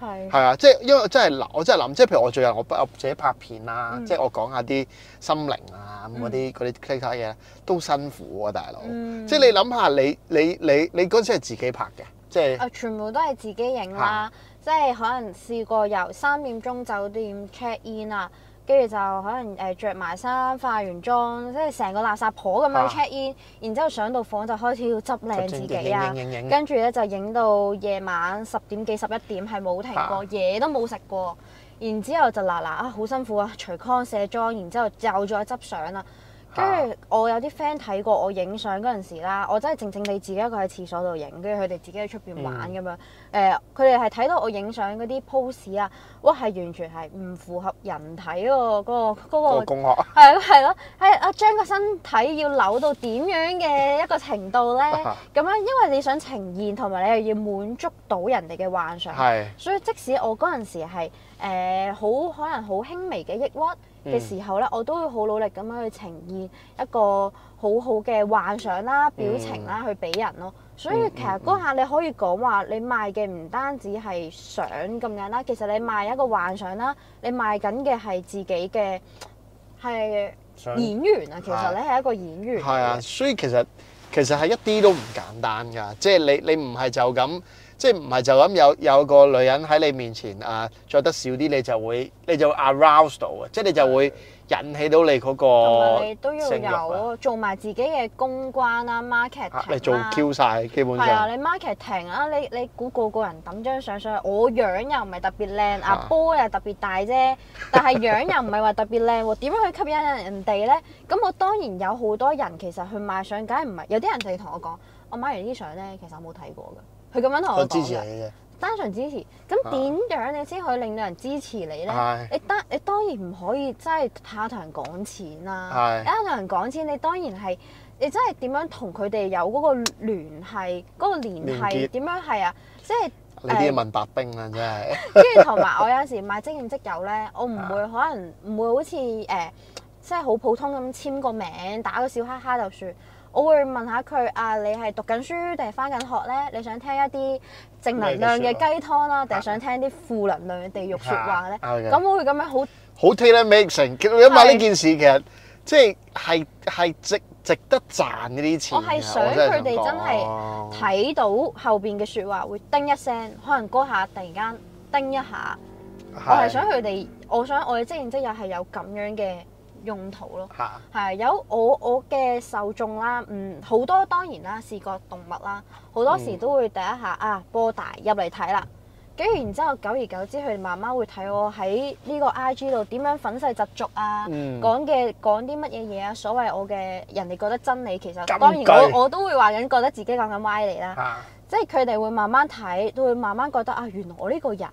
Speaker 1: 係係啊，即係因為真係，我真係諗，即係譬如我最近我不自己拍片啦，嗯、即係我講下啲心靈啊，咁嗰啲嗰啲其他嘢都辛苦啊，大佬。嗯、即係你諗下，你你你你嗰時係自己拍嘅，即係。啊，
Speaker 2: 全部都係自己影啦，的即係可能試過由三點鐘酒店 check in 啊。跟住就可能誒著埋衫，化完妝，即係成個垃圾婆咁樣 check in，啊、然之後上到房就開始要執靚自己啊，跟住咧就影到夜晚十點幾十一點係冇停過，嘢、啊、都冇食過，然之後就嗱嗱啊好辛苦啊，除 con 卸妝，然之後又再執相啦。跟住、嗯、我有啲 friend 睇過我影相嗰陣時啦，我真係靜靜地自己一個喺廁所度影，跟住佢哋自己喺出邊玩咁樣。誒、呃，佢哋係睇到我影相嗰啲 pose 啊，哇，係完全係唔符合人體喎，嗰個嗰個，工學。係咯係咯，係啊，將個身體要扭到點樣嘅一個程度咧，咁樣因為你想呈現，同埋你又要滿足到人哋嘅幻想。係是。所以即使我嗰陣時係好、呃、可能好輕微嘅抑鬱。嘅時候咧，我都會好努力咁樣去呈現一個好好嘅幻想啦、表情啦，嗯、去俾人咯。所以其實嗰下你可以講話，你賣嘅唔單止係相咁樣啦，其實你賣一個幻想啦，你賣緊嘅係自己嘅係演員啊。其實你係一個演員，係啊，
Speaker 1: 啊，所以其實其實係一啲都唔簡單㗎，即係你你唔係就咁。即係唔係就咁有有個女人喺你面前啊，著得少啲你就會你就 arouse 到啊，即係你就會引起到你嗰個性慾，你都要
Speaker 2: 有，做埋自己嘅公關啦 marketing 你做 Q
Speaker 1: 晒，基本上，係啊，你
Speaker 2: market 停啊，你你估個個人抌張相上去，我樣又唔係特別靚啊，阿波又特別大啫，但係樣又唔係話特別靚喎，點 樣去吸引人哋咧？咁我當然有好多人其實去買相，梗係唔係有啲人就同我講，我買完啲相咧，其實我冇睇過㗎。佢咁樣同我，我支持你講，單純支持。咁點樣你先可以令到人支持你咧？你單的你當然唔可以真係下同人講錢啊！下同人講錢，你當然係你真係點樣同佢哋有嗰個聯繫，嗰、嗰個聯繫點結樣係啊？即係你啲嘢問
Speaker 1: 白兵啊，真係。
Speaker 2: 跟住同埋我有時買職員職友咧，我唔會可能唔的會好似誒、呃，即係好普通咁簽個名、打個笑哈哈就算。我會問下佢啊，你係讀緊書定係返緊學咧？你想聽一啲正能量嘅雞湯啦、啊，定係想聽啲負能量嘅地獄説話咧？咁、啊啊啊啊、會咁樣好
Speaker 1: 好 treatment。佢、嗯、呢、嗯、件事其實即係係係值值得賺嗰啲錢。我係想佢哋真係
Speaker 2: 睇到後邊嘅説話會叮一聲，可能嗰下突然間叮一下。
Speaker 1: 是我係想佢哋，
Speaker 2: 我想我哋即業職友係有咁樣嘅。用途咯，係、啊、有我我嘅受眾啦，嗯，好多當然啦，視覺動物啦，好多時都會第一下啊，波大入嚟睇啦，跟住然之後久而久之佢慢慢會睇我喺呢個 I G 度點樣憤世嫉俗啊，講嘅講啲乜嘢嘢啊，所謂我嘅人哋覺得真理，其實句當然我我都會話緊覺得自己講緊歪理啦，啊、即係佢哋會慢慢睇，都會慢慢覺得啊，原來我呢個人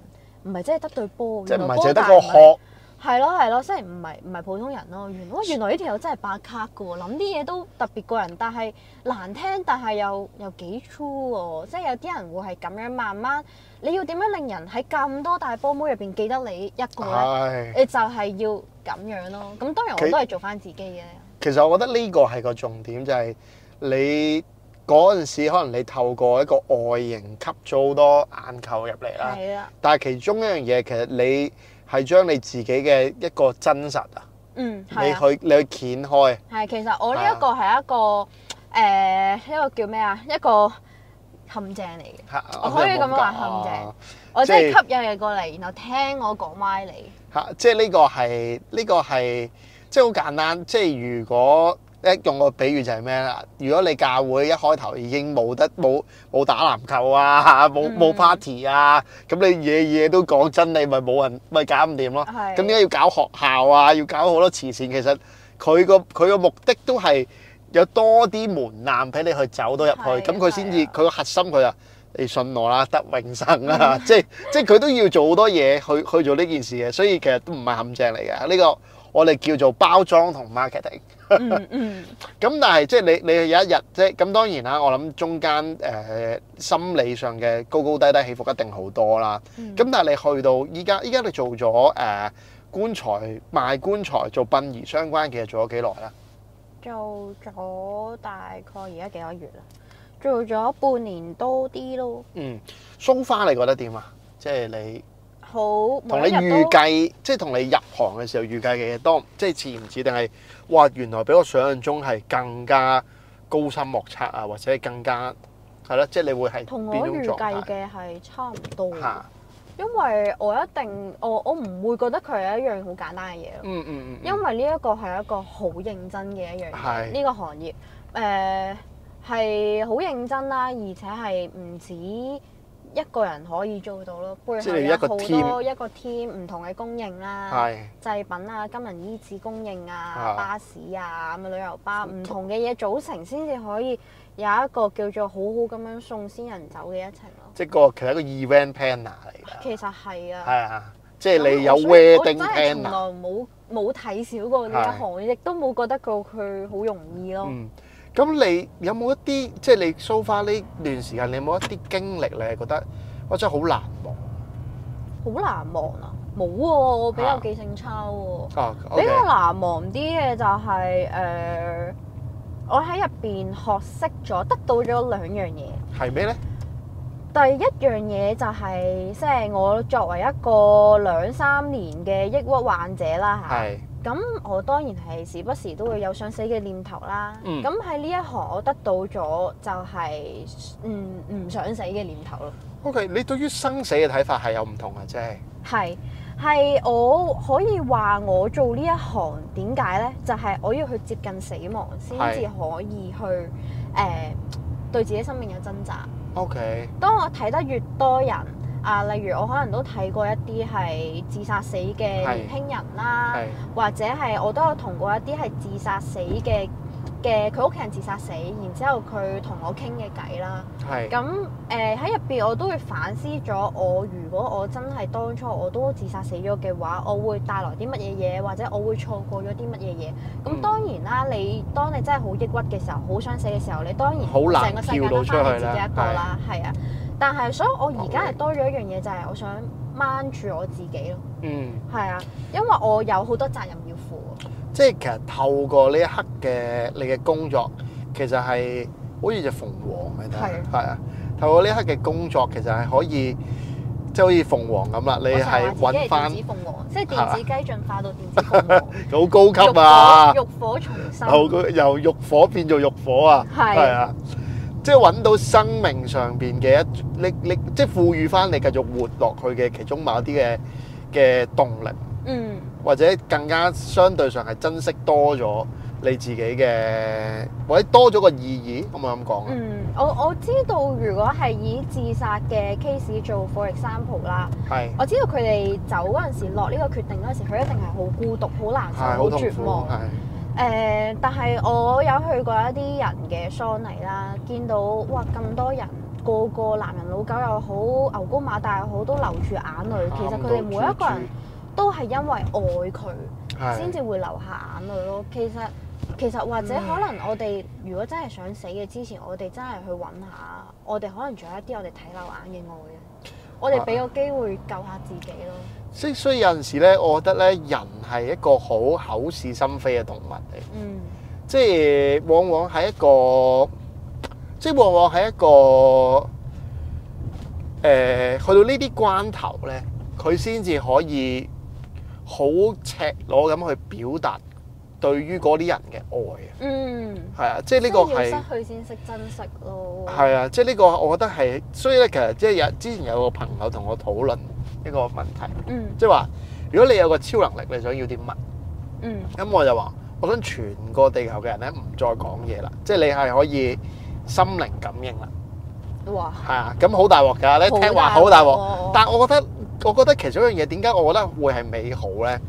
Speaker 2: 唔係真係得對波，即係唔係係得個殼。係咯，係咯，雖然唔係唔係普通人咯。原來原來呢條友真係白卡噶喎，諗啲嘢都特別過人，但係難聽，但係又又幾粗喎。即係有啲人會係咁樣慢慢，你要點樣令人喺咁多大波妹入邊記得你一個咧？唉你就係要咁樣咯。咁當然我都係做翻自己嘅。
Speaker 1: 其實我覺得呢個係個重點，就係、是、你嗰陣時可能你透過一個外形吸咗好多眼球入嚟啦。係啊了。但係其中一樣嘢，其實你。係將你自己嘅一個真實啊，嗯、
Speaker 2: 你去
Speaker 1: 你去掀開。
Speaker 2: 係，其實我呢一個係一個誒一個叫咩啊，一個陷阱嚟嘅，
Speaker 1: 啊、我可以咁樣話陷阱。啊、即我即係吸
Speaker 2: 引人過嚟，然後聽我講歪理。
Speaker 1: 嚇、啊！即係呢個係呢、呢個係即係好簡單，即係如果。用一用個比喻就係咩啦？如果你教會一開頭已經冇得冇冇打籃球啊，冇冇 party 啊，咁你嘢嘢都講真，你咪冇人咪搞唔掂咯。咁點解要搞學校啊？要搞好多慈善？其實佢個佢個目的都係有多啲門檻俾你去走到入去，咁佢先至佢個核心佢就你信我啦，得永生啦。即即佢都要做好多嘢去去做呢件事嘅，所以其實都唔係陷阱嚟嘅。呢個我哋叫做包裝同 marketing。嗯，咁、嗯、 但係即係你，你有一日即係咁，當然啦。我諗中間誒、呃、心理上嘅高高低低起伏一定好多啦。咁、嗯、但係你去到依家，依家你做咗誒棺材、賣棺材，做殯儀相關嘅，嘢，做咗幾耐啦？
Speaker 2: 做咗大概而家幾多月啦？做咗半年多啲咯。
Speaker 1: 嗯，so far 你覺得點啊？即、就、係、是、你
Speaker 2: 好同你預計，
Speaker 1: 即係同你入行嘅時候預計嘅嘢，都即係似唔似定係？哇！原來比我想象中係更加高深莫測啊，或者更加係咯，即係你會係同我預計嘅
Speaker 2: 係差唔多，因為我一定我我唔會覺得佢係一樣好簡單嘅嘢咯。嗯，嗯嗯嗯。因為呢一個係一個好認真嘅一樣嘢。呢個行業誒係好認真啦，而且係唔止。一個人可以做到咯，背後好多一個 team，唔同嘅供應啦，係製品啊、金銀衣紙供應啊、巴士啊咁啊旅遊巴，唔同嘅嘢組成先至可以有一個叫做好好咁樣送先人走嘅一
Speaker 1: 程咯。即係個其實一個 event planner 嚟
Speaker 2: 嘅。其實係啊。係啊，
Speaker 1: 即係你有 wedding planner。我真係
Speaker 2: 從來冇冇睇少過呢一行，亦都冇覺得過佢好容易咯。嗯。
Speaker 1: 咁你有冇一啲即係你 so far 呢段時間，你有冇一啲經歷咧？你覺得我真係好難忘，
Speaker 2: 好難忘啊！冇喎，我比較記性差
Speaker 1: 喎。哦，比較
Speaker 2: 難忘啲嘅就係誒，我喺入邊學識咗，得到咗兩樣嘢。係咩咧？第一樣嘢就係即係我作為一個兩三年嘅抑鬱患者啦嚇。咁我當然係時不時都會有想死嘅念頭啦。咁喺呢一行我得到咗就係唔唔想死嘅念頭咯。
Speaker 1: Okay，你對於生死嘅睇法係有唔同嘅？即
Speaker 2: 係係我可以話我做呢一行點解呢？就係、係、我要去接近死亡先至可以去誒是、呃、對自己生命有掙扎。Okay，當我睇得越多人。啊，例如我可能都睇過一啲係自殺死嘅年輕人啦，或者係我都有同過一啲係自殺死嘅嘅佢屋企人自殺死，然之後佢同我傾嘅偈啦。咁誒喺入邊我都會反思咗，我如果我真係當初我都自殺死咗嘅話，我會帶來啲乜嘢嘢，或者我會錯過咗啲乜嘢嘢？咁當然啦，嗯、你當你真係好抑鬱嘅時候，好想死嘅時候，你當然成個世界都翻你自己一個啦，係啊的。但係，所以我而家係多咗一樣嘢，就係我想掹住我自己咯。嗯，係啊，因為我有好多責任要負啊。
Speaker 1: 即係其實透過呢一刻嘅你嘅工作，其實係好似隻鳳凰嘅，係係啊。透過呢一刻嘅工作，其實係可以即係好似鳳凰咁啦。你係揾翻電子鳳
Speaker 2: 凰，即係電子雞進
Speaker 1: 化到電子鳳凰，好是的 高
Speaker 2: 級啊！浴火，火重生，
Speaker 1: 由由浴火變做浴火啊！係啊！即係揾到生命上邊嘅一，你你即係賦予翻你繼續活落去嘅其中某一啲嘅嘅動力，嗯，或者更加相對上係珍惜多咗你自己嘅，或者多咗個意義，可唔可以咁講
Speaker 2: 啊？嗯，我我知道如果係以自殺嘅 case 做 for example 啦的，係，我知道佢哋走嗰陣時落呢個決定嗰陣時，佢一定係好孤獨、好難受、好絕望，係。誒、呃，但係我有去過一啲人嘅喪禮啦，見到哇咁多人，個個男人老狗又好，牛高馬大又好，都流住眼淚。嗯、其實佢哋每一個人都係因為愛佢，先至、嗯、會流下眼淚咯。其實其實或者可能我哋如果真係想死嘅之前，我哋真係去揾下，我哋可能仲有一啲我哋睇漏眼嘅愛，我哋俾個機會救下自己咯。
Speaker 1: 即所以有陣時咧，我覺得咧，人係一個好口是心非嘅動物嚟，嗯、即係往往係一個，即係往往係一個，誒、呃，去到呢啲關頭咧，佢先至可以好赤裸咁去表達。對於嗰啲人嘅愛啊，嗯，係啊，即係呢個係
Speaker 2: 失去先
Speaker 1: 識珍惜咯。係啊，即係呢個我覺得係，所以咧其實即係有之前有個朋友同我討論一個問題，嗯，即係話如果你有個超能力，你想要啲乜？嗯，咁我就話我想全個地球嘅人咧唔再講嘢啦，即係你係可以心靈感應啦。哇！係啊，咁好大鑊㗎，你聽話好大鑊。但係我覺得我覺得其中一樣嘢點解我覺得會係美好咧，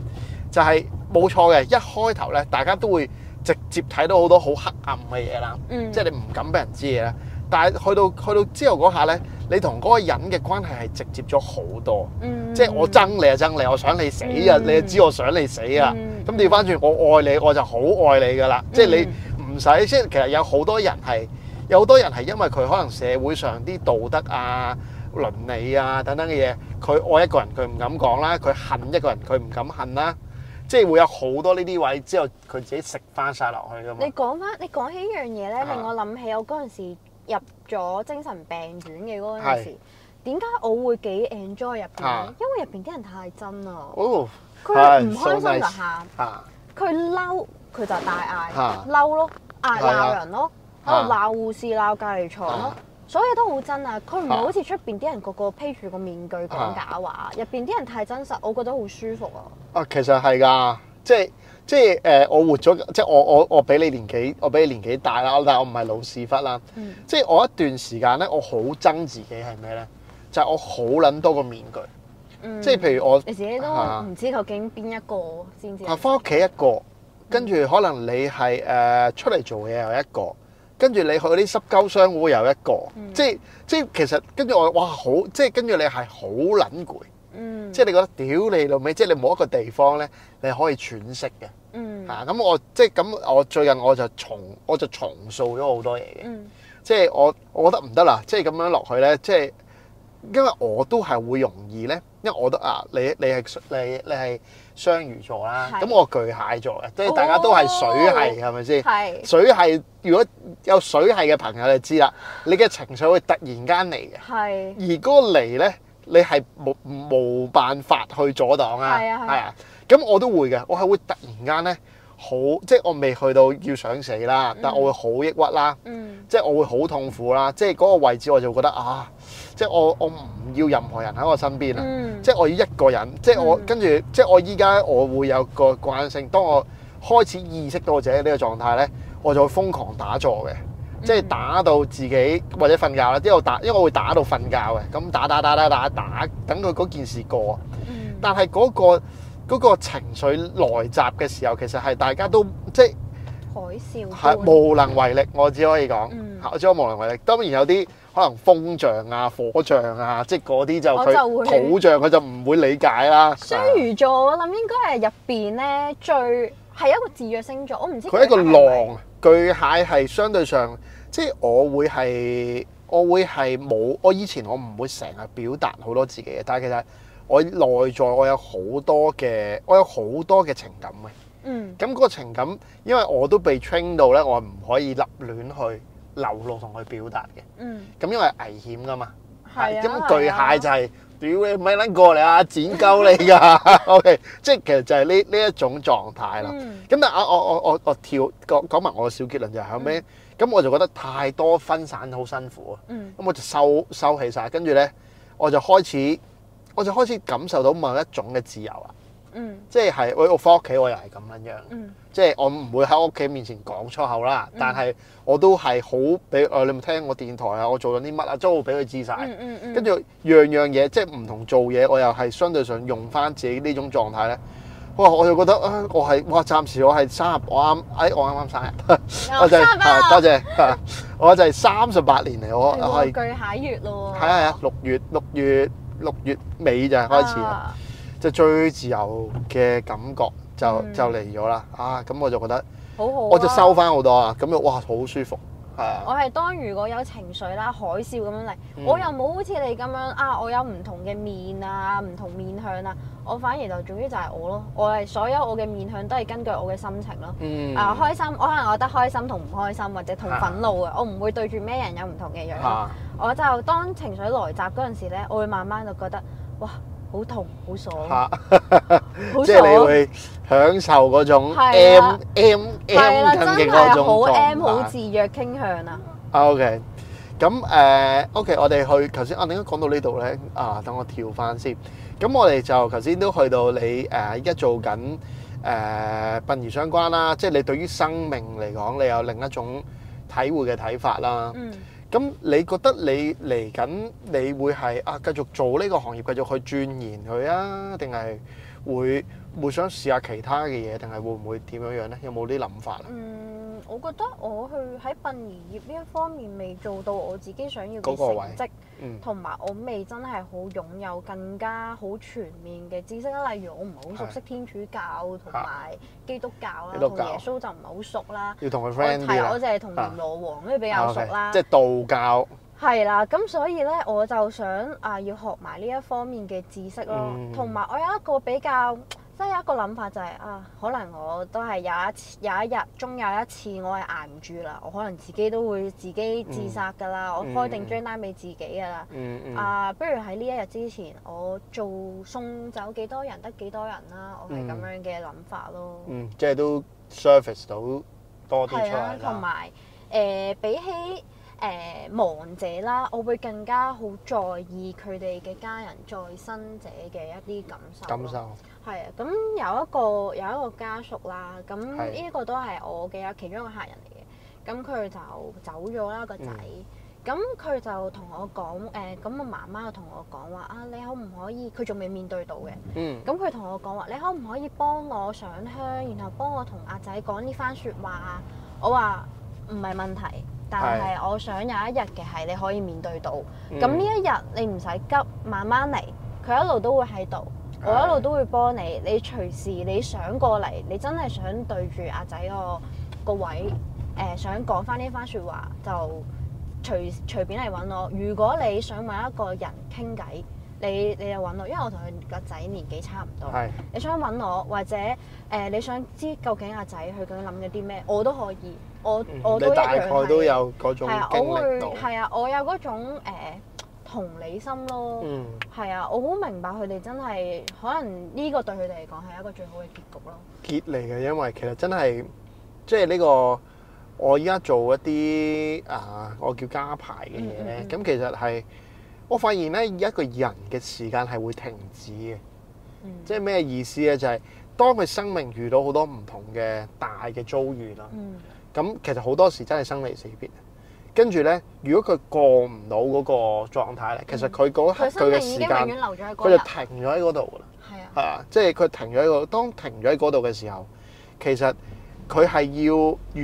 Speaker 1: 就係、是。冇錯嘅，一開頭咧，大家都會直接睇到好多好黑暗嘅嘢啦。嗯、即係你唔敢俾人知嘢啦。但係去到去到之後嗰下咧，你同嗰個人嘅關係係直接咗好多。嗯、即係我憎你啊，憎你，我想你死啊，嗯、你知我想你死啊。咁調翻轉，嗯、我愛你，我就好愛你㗎啦、嗯。即係你唔使，即係其實有好多人係有好多人係因為佢可能社會上啲道德啊、倫理啊等等嘅嘢，佢愛一個人佢唔敢講啦，佢恨一個人佢唔敢恨啦。即係會有好多呢啲位，之後佢自己食翻晒落去噶嘛。你
Speaker 2: 講翻，你講起呢樣嘢咧，令我諗起我嗰陣時入咗精神病院嘅嗰個陣時，點解是我會幾 enjoy 入邊？因為入邊啲人太真啦、
Speaker 1: 啊，佢唔、哦、開心是就喊，
Speaker 2: 佢嬲佢就大嗌嬲咯，嗌、呃、鬧嗎人咯，喺度鬧護士鬧隔離床咯。嗎所以都好真啊！佢唔係好似出邊啲人個個披住個面具講假話，入邊啲人太真實，我覺得好舒服
Speaker 1: 啊！啊，其實係㗎，即係即係誒、呃，我活咗即係我我我比你年紀，我比你年紀大啦，但係我唔係老屎忽啦。嗯、即係我一段時間咧，我好憎自己係咩咧？就係、是、我好撚多個面具，嗯、
Speaker 2: 即係譬如我你自己都唔知究竟邊一個先至。啊，
Speaker 1: 翻屋企一個，跟住可能你係誒、呃、出嚟做嘢又一個。嗯跟住你去啲濕鳩商會有一個，嗯、即係即係其實跟住我哇好，即係跟住你係好撚攰，嗯、即係你覺得屌你老味，即係你冇一個地方咧你可以喘息嘅，嚇咁、嗯啊、我即係咁我最近我就重我就重塑咗好多嘢嘅，嗯、即係我我覺得唔得啦，即係咁樣落去咧，即係。因為我都係會容易咧，因為我都啊，你你係你你係雙魚座啦，咁的我巨蟹座嘅，即係、哦、大家都係水系，係咪先？係的水系，如果有水系嘅朋友你知啦，你嘅情緒會突然間嚟嘅，係的而嗰嚟咧，你係冇冇辦法去阻擋啊，係啊的，咁的我都會嘅，我係會突然間咧，好即係我未去到要想死啦，但我會好抑鬱啦，即係、嗯嗯、我會好痛苦啦，即係嗰個位置我就覺得啊。即係我我唔要任何人喺我身邊啊！嗯、即係我要一個人。即係我跟住、嗯、即係我依家我會有個慣性，當我開始意識到我自己呢個狀態咧，我就會瘋狂打坐嘅，即係打到自己、嗯、或者瞓覺啦。之後打，因為我會打到瞓覺嘅，咁打打打打打打等佢嗰件事過。嗯、但係嗰、嗰個嗰個情緒來襲嘅時候，其實係大家都即係。海嘯係無能為力，我只可以講，嗯、我只可以無能為力。當然有啲可能風象啊、火象啊，即係嗰啲就佢就會土象，佢就唔會理解啦。雙魚
Speaker 2: 座，的我諗應該係入邊咧最係一個自虐星座。我唔知佢一個狼，狼，
Speaker 1: 巨蟹係相對上，即係我會係，我會係冇。我以前我唔會成日表達好多自己嘅，但係其實我內在我有好多嘅，我有好多嘅情感嘅。嗯，咁嗰個情感，因為我都被 train 到咧，我唔可以立亂去流露同去表達嘅。嗯，咁因為危險噶嘛。
Speaker 2: 係啊。咁巨蟹就
Speaker 1: 係屌你咪撚過嚟啊，剪鳩你噶。 OK，即係其實就係呢呢一種狀態啦。咁但啊、嗯，我我我我跳講講埋我嘅小結論就係後尾咁我就覺得太多分散好辛苦啊。咁、嗯、我就收收起晒。跟住咧，我就開始，我就開始感受到某一種嘅自由啦。嗯，即係我我翻屋企我又係咁樣，嗯，即係我唔會喺屋企面前講粗口啦，但係我都係好俾你唔聽我電台啊，我做咗啲乜啊，都會俾佢知晒。跟住樣樣嘢即係唔同做嘢，我又係相對上用翻自己呢種狀態咧，哇！我就覺得啊，我係哇，暫時我係三日，我啱哎，我啱啱生日，我係多謝，我係三十八年嚟，我係巨蟹
Speaker 2: 月咯，係
Speaker 1: 啊，六月六月六月尾就開始。即係最自由嘅感覺就就嚟咗啦！嗯、啊，咁我就覺得
Speaker 2: 好好、啊，我就收
Speaker 1: 翻好多啊！咁就哇，好舒服，係
Speaker 2: 我係當如果有情緒啦、海嘯咁樣嚟，嗯、我又冇好似你咁樣啊！我有唔同嘅面啊、唔同面向啊，我反而就總之就係我咯。我係所有我嘅面向都係根據我嘅心情咯。嗯、啊，開心，我可能我覺得開心同唔開心或者同憤怒嘅，啊、我唔會對住咩人有唔同嘅樣。啊、我就當情緒來襲嗰陣時咧，我會慢慢就覺得，哇！好痛，
Speaker 1: 好爽， 即係你會享受嗰種、啊、M M M 嘅嗰種好 M、好自
Speaker 2: 虐傾向。
Speaker 1: O K，咁誒，O K，我哋去頭先啊，應該講到呢度咧？啊，等、啊、我跳翻先。咁我哋就頭先都去到你誒依家做緊誒殯儀相關啦。即係你對於生命嚟講，你有另一種體會嘅睇法啦。嗯。咁你覺得你嚟緊，你會係啊繼續做呢個行業，繼續去鑽研佢啊，定係會？會想試下其他嘅嘢，定係會唔會點樣樣咧？有冇啲諗法咧？
Speaker 2: 嗯，我覺得我去喺殯儀業呢一方面未做到我自己想要嘅成績，同埋、嗯、我未真係好擁有更加好全面嘅知識啦。例如我唔係好熟悉天主教同埋是基督教啦，同、啊、耶穌就唔係好熟啦。要同佢 friend 啲啊！我提我淨係同閻羅王都比較熟啦。啊啊、okay，即係
Speaker 1: 道教。
Speaker 2: 係啦，咁所以咧，我就想啊，要學埋呢一方面嘅知識咯，同埋、嗯、我有一個比較。即係有一個諗法就係、是、啊，可能我都係有一有一日，終有一次我係捱唔住啦，我可能自己都會自己自殺㗎啦，嗯、我開定張單俾自己㗎啦。嗯嗯、啊，不如喺呢一日之前，我做送走幾多人得幾多人啦，我係咁樣嘅諗法咯。嗯，
Speaker 1: 即係都 surface 到多啲出嚟同埋
Speaker 2: 誒，比起。誒亡、呃、者啦，我會更加好在意佢哋嘅家人在生者嘅一啲感，感受。感受。係啊，咁有一個有一個家屬啦，咁呢個都係我嘅有其中一個客人嚟嘅。咁佢就走咗啦個仔，咁佢、嗯、就同我講誒，咁、呃、我媽媽就同我講話啊，你可唔可以？佢仲未面對到嘅。嗯。咁佢同我講話，你可唔可以幫我上香，然後幫我同阿仔講呢番説話。我話唔係問題。但係，我想有一日嘅係你可以面對到。咁呢、嗯、一日你唔使急，慢慢嚟。佢一路都會喺度，我一路都會幫你。嗯、你隨時你想過嚟，你真係想對住阿仔個個位，誒、呃、想講返呢番説話，就隨隨便嚟揾我。如果你想揾一個人傾偈，你你就揾我，因為我同佢個仔年紀差唔多。嗯、你想揾我或者誒、呃，你想知究竟阿仔佢究竟諗咗啲咩，我都可以。我我都一樣係，係啊，我會係啊，我有嗰種、呃、同理心咯，係、嗯、啊，我好明白佢哋真係可能呢個對佢哋嚟講係一個最好嘅結局
Speaker 1: 咯。結嚟嘅，因為其實真係即係呢、呢個我依家做一啲啊、呃，我叫加排嘅嘢咧。咁、嗯、其實係我發現咧，一個人嘅時間係會停止嘅，嗯、即係咩意思咧？就係、是、當佢生命遇到好多唔同嘅大嘅遭遇啦。嗯咁其實好多時真係生離死別，跟住咧，如果佢過唔到嗰個狀態咧，其實佢嗰刻佢嘅時間，佢就停咗喺嗰度噶啦。係啊的，係啊，即係佢停咗喺度。當停咗喺嗰度嘅時候，其實佢係要，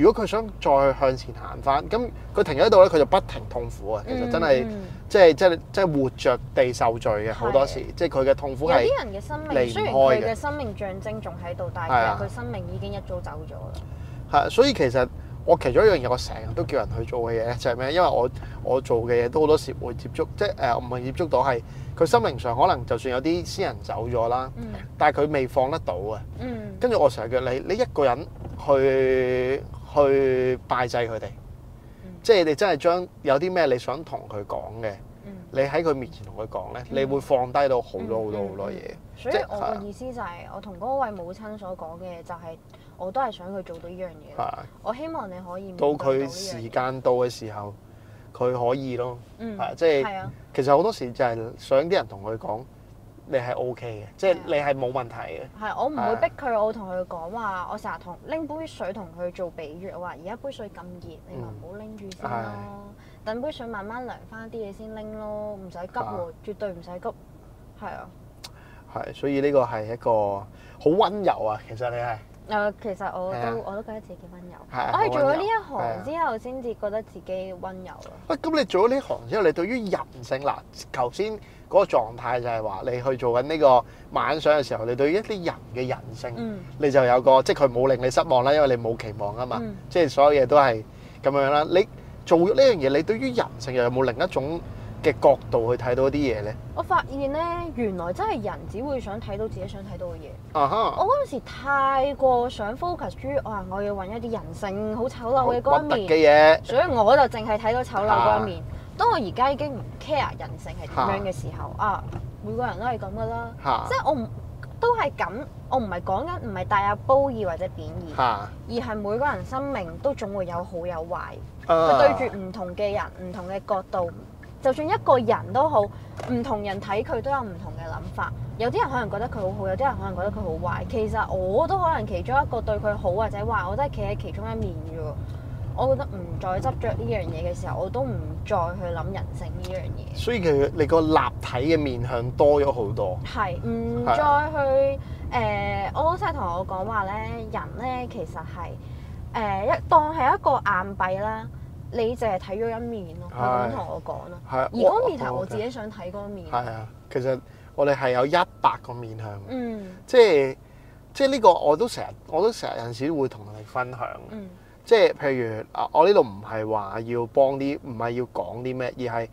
Speaker 1: 如果佢想再向前行翻，咁佢停咗喺度咧，佢就不停痛苦啊。其實真係、嗯，即係即係即係活着地受罪嘅好的多時，即係佢嘅痛苦係。有
Speaker 2: 啲人嘅生命雖然佢嘅生命象徵仲喺度，但係佢生命已經一早走咗啦。
Speaker 1: 所以其實我其中一樣嘢，我成日都叫人去做嘅嘢就係咩？因為我我做嘅嘢都好多時會接觸，即係誒、呃，我唔係接觸到係佢心靈上可能就算有啲先人走咗啦，嗯、但係佢未放得到啊。跟住、嗯、我成日叫你，你一個人去去拜祭佢哋，嗯、即係你真係將有啲咩你想同佢講嘅，嗯、你喺佢面前同佢講呢，嗯、你會放低到好多好多好多嘢、
Speaker 2: 嗯嗯。所以我嘅意思就係、是，我同嗰位母親所講嘅就係、是。我都係想佢做到呢樣嘢，我希望你可以到佢時
Speaker 1: 間到嘅時候，佢可以咯。嗯，係即係，其實好多時就係想啲人同佢講，你係 OK 嘅，即係你係冇問題嘅。
Speaker 2: 係，我唔會逼佢，我同佢講話，我成日同拎杯水同佢做比喻，我話而家杯水咁熱，你唔好拎住先咯，等杯水慢慢涼翻啲嘢先拎咯，唔使急，絕對唔使急。係
Speaker 1: 啊，係，所以呢個係一個好温柔啊，其實你係。
Speaker 2: 啊，其實我都我都覺得自己温柔，的我係做咗呢一行之後先至覺得自己温柔咯。
Speaker 1: 喂，咁你做咗呢行之後，你對於人性嗱，頭先嗰個狀態就係話你去做緊呢個晚相嘅時候，你對於一啲人嘅人性，嗯、你就有一個即係佢冇令你失望啦，因為你冇期望啊嘛，嗯、即係所有嘢都係咁樣啦。你做呢樣嘢，你對於人性又有冇另一種？嘅角度去睇到一啲嘢呢，
Speaker 2: 我發現呢，原來真係人只會想睇到自己想睇到嘅嘢。Uh huh. 我嗰陣時太過想 focus 於哇，我要揾一啲人性好醜陋嘅嗰一面嘅嘢，uh huh. 所以我就淨係睇到醜陋嗰一面。Uh huh. 當我而家已經唔 care 人性係點樣嘅時候，uh huh. 啊，每個人都係咁噶啦，uh huh. 即係我唔都係咁。我唔係講緊唔係帶有褒義或者貶義，uh huh. 而係每個人生命都總會有好有壞，佢、uh huh. 對住唔同嘅人，唔同嘅角度。就算一個人都好，唔同人睇佢都有唔同嘅諗法。有啲人可能覺得佢好好，有啲人可能覺得佢好壞。其實我都可能其中一個對佢好或者壞，我都係企喺其中一面啫。我覺得唔再執着呢樣嘢嘅時候，我都唔再去諗人性呢樣嘢。
Speaker 1: 所以其實你個立體嘅面向多咗好多。
Speaker 2: 係，唔再去誒。的呃、我老細同我講話咧，人咧其實係誒一當係一個硬幣啦。你就係睇咗一面咯，咁同
Speaker 1: 係我講咯。係係。而面頭係我自
Speaker 2: 己想
Speaker 1: 睇嗰面。係啊，其實我哋係有一百個面向。嗯。即係即係呢個我都成日我都成日有陣時會同你分享、嗯、即係譬如啊，我呢度唔係話要幫啲，唔係要講啲咩，而係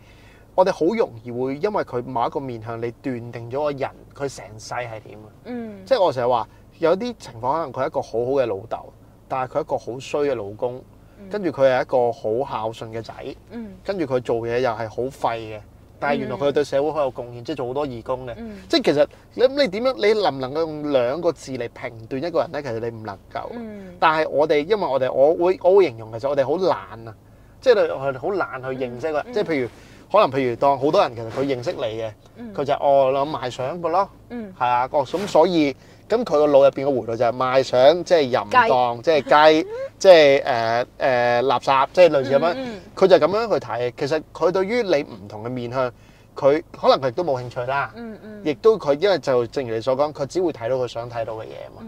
Speaker 1: 我哋好容易會因為佢某一個面向，你斷定咗個人佢成世係點啊？嗯。即係我成日話，有啲情況可能佢係一個好好嘅老豆，但係佢一個好衰嘅老公。跟住佢係一個好孝順嘅仔，跟住佢做嘢又係好廢嘅，但係原來佢對社會好有貢獻，即係做好多義工嘅。嗯、即係其實你你點樣？你能唔能夠用兩個字嚟評斷一個人咧？其實你唔能夠。嗯、但係我哋因為我哋我會我會形容其實我哋好懶啊，即係我哋好懶去認識個人、嗯、即係譬如。可能譬如當好多人其實佢認識你嘅、嗯，佢就哦，我諗賣相嘅咯，係啊，咁所以咁佢個腦入邊嘅回路就係賣相，即係、雞即係淫蕩，即係雞，即係誒誒垃圾，即係類似咁樣。佢就咁樣去睇。其實佢對於你唔同嘅面向，佢可能佢都冇興趣啦、嗯嗯。亦都佢因為就正如你所講，佢只會睇到佢想睇到嘅嘢啊嘛。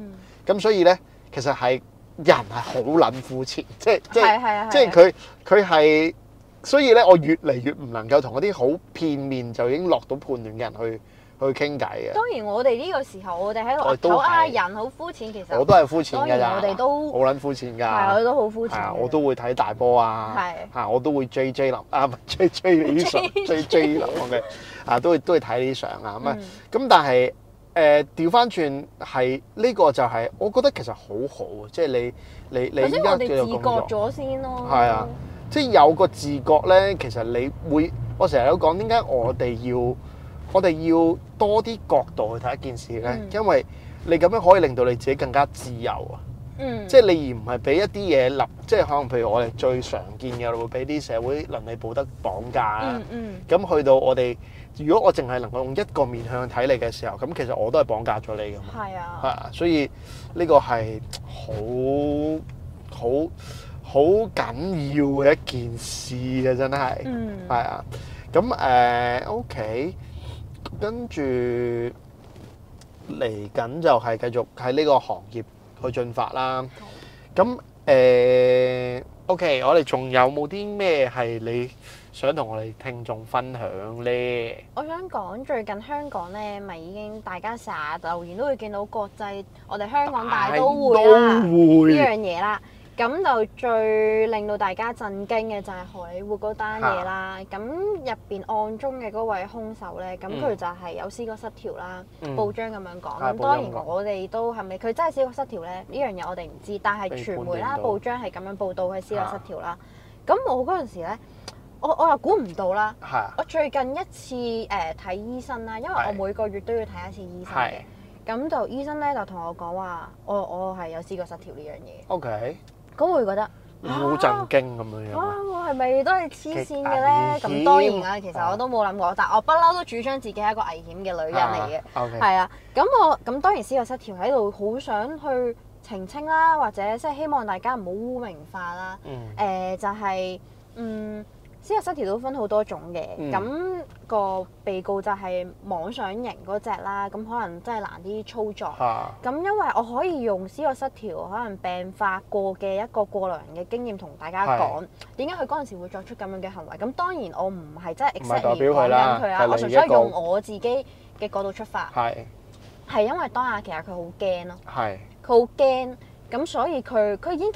Speaker 1: 咁、嗯、所以咧，其實係人係好撚膚淺，即係即係即係佢佢係。所以咧，我越嚟越唔能夠同嗰啲好片面就已經落到判斷嘅人去去傾偈嘅。當
Speaker 2: 然，我哋呢個時候，我哋喺度睇啊，人好膚淺，其實我都係膚淺㗎咋。我哋都好
Speaker 1: 撚膚淺㗎。係啊，都好膚淺。我都會睇大波啊，係啊，我都會 J J 林啊，J J 啲相，J J 林嘅啊，都會都會睇啲相啊。咁啊，咁但係誒，調翻轉係呢個就係，我覺得其實好好啊，即係你你你依家嘅自覺咗
Speaker 2: 先咯，係
Speaker 1: 啊。即係有個自覺咧，其實你會，我成日都講，點解我哋要，我哋要多啲角度去睇一件事咧？嗯、因為你咁樣可以令到你自己更加自由啊、嗯！即係你而唔係俾一啲嘢立，即係可能譬如我哋最常見嘅會俾啲社會倫理道德綁架啊。咁、嗯嗯、去到我哋，如果我淨係能夠用一個面向睇你嘅時候，咁其實我都係綁架咗你㗎嘛。係啊、嗯，係、嗯、啊，所以呢個係好好。好緊要嘅一件事啊！真係，係啊、嗯，咁誒，O K，跟住嚟緊就係繼續喺呢個行業去進發啦。咁誒，O K，我哋仲有冇啲咩係你想同我哋聽眾分享咧？
Speaker 2: 我想講最近香港咧，咪已經大家成日留言都會見到國際，我哋香港大都會啦，大都會，呢樣嘢啦。咁就最令到大家震驚嘅就係荷里活嗰單嘢啦。咁入邊案中嘅嗰位兇手呢，咁佢就係有思覺失調啦。報章咁樣講。咁當然我哋都係咪佢真係思覺失調呢？呢樣嘢我哋唔知。但係傳媒啦，報章係咁樣報導佢思覺失調啦。咁我嗰陣時呢，我我又估唔到啦。我最近一次誒睇醫生啦，因為我每個月都要睇一次醫生嘅。咁就醫生呢，就同我講話，我我係有思覺失調呢樣嘢。O K。都會覺得
Speaker 1: 好、啊嗯、震驚咁樣，樣
Speaker 2: 啊！我係咪都係黐線嘅咧？咁當然啦，其實我都冇諗過，但我不嬲都主張自己係一個危險嘅女人嚟嘅，係啊。咁、啊 okay. 啊、我咁當然思覺失調喺度，好想去澄清啦，或者即係希望大家唔好污名化啦。誒、嗯呃，就係、是、嗯。思覺失調都分好多種嘅，咁、嗯、個被告就係妄想型嗰隻啦。咁可能真係難啲操作。咁、啊、因為我可以用思覺失調可能病發過嘅一個過來人嘅經驗同大家講，點解佢嗰陣時會作出咁樣嘅行為。咁當然我唔係真係 exactly 佢啦，他我純粹用我自己嘅角度出發。係係是因為當下其實佢好驚咯，係佢好驚，咁所以佢佢已經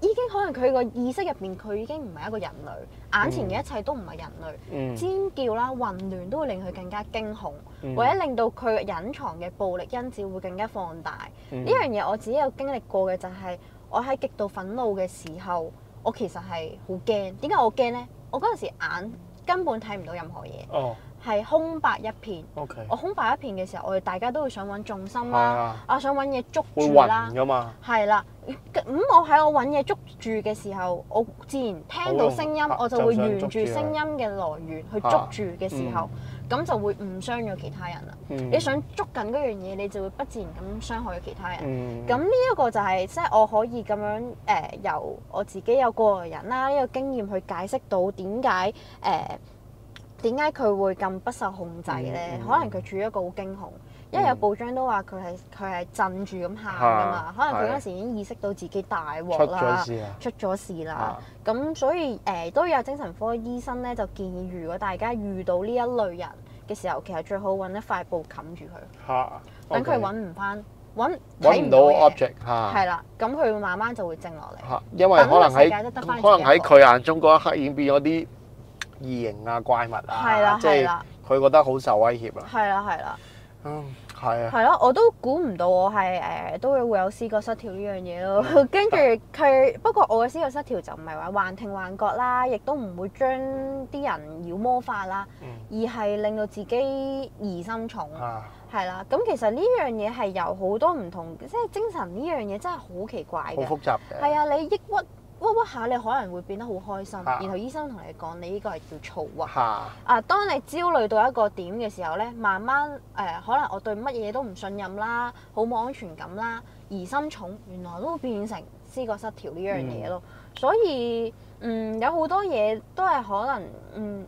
Speaker 2: 已經可能佢個意識入邊佢已經唔係一個人類。眼前嘅一切都唔係人類，嗯、尖叫啦、混亂都會令佢更加驚恐，嗯、或者令到佢隱藏嘅暴力因子會更加放大。呢樣嘢我自己有經歷過嘅就係，我喺極度憤怒嘅時候，我其實係好驚。點解我驚呢？我嗰陣時眼根本睇唔到任何嘢。哦係空白一片，Okay. 我空白一片嘅時候，我哋大家都會想揾重心啦，啊想揾嘢捉住啦，係啦，咁我喺我揾嘢捉住嘅時候，我自然聽到聲音，的我就會沿住聲音嘅來源去捉住嘅時候，咁、啊嗯、就會唔傷咗其他人啦。嗯、你想捉緊嗰樣嘢，你就會不自然咁傷害咗其他人。咁呢一個就係即係我可以咁樣誒、呃，由我自己有過來人啦，呢、呢個經驗去解釋到點解誒。呃點解佢會咁不受控制呢？嗯、可能佢處於一個好驚恐，嗯、因為有報章都話佢係佢係震住咁喊噶嘛。啊、可能佢嗰時已經意識到自己大鑊啦，出咗事啦、啊。咁、啊、所以誒、呃、都有精神科醫生呢，就建議如果大家遇到呢一類人嘅時候，其實最好揾一塊布冚住佢，等佢揾唔翻揾唔到 object、啊。係啦，咁佢慢慢就會靜落嚟，因為可能喺可能喺佢
Speaker 1: 眼中嗰一刻已經變咗啲異形啊、怪物啊，啊即係佢覺得好受威脅啊。
Speaker 2: 係啦、啊，係啦、啊。嗯，
Speaker 1: 係啊。係
Speaker 2: 咯、啊，我都估唔到我係誒、呃、都會會有思覺失調呢樣嘢咯。跟住佢，不過我嘅思覺失調就唔係話幻聽幻覺啦，亦都唔會將啲人妖魔化啦，嗯、而係令到自己疑心重。係啦、啊，咁、啊、其實呢樣嘢係有好多唔同，即係精神呢樣嘢真係好奇怪嘅。好複雜。係啊、嗯，你抑鬱，鬱鬱下，你可能會變得好開心，啊、然後醫生同你講你呢個係叫躁鬱。啊，當你焦慮到一個點嘅時候呢，慢慢誒、呃，可能我對乜嘢都唔信任啦，好冇安全感啦，疑心重，原來都會變成思覺失調呢樣嘢咯。嗯、所以嗯，有好多嘢都係可能嗯，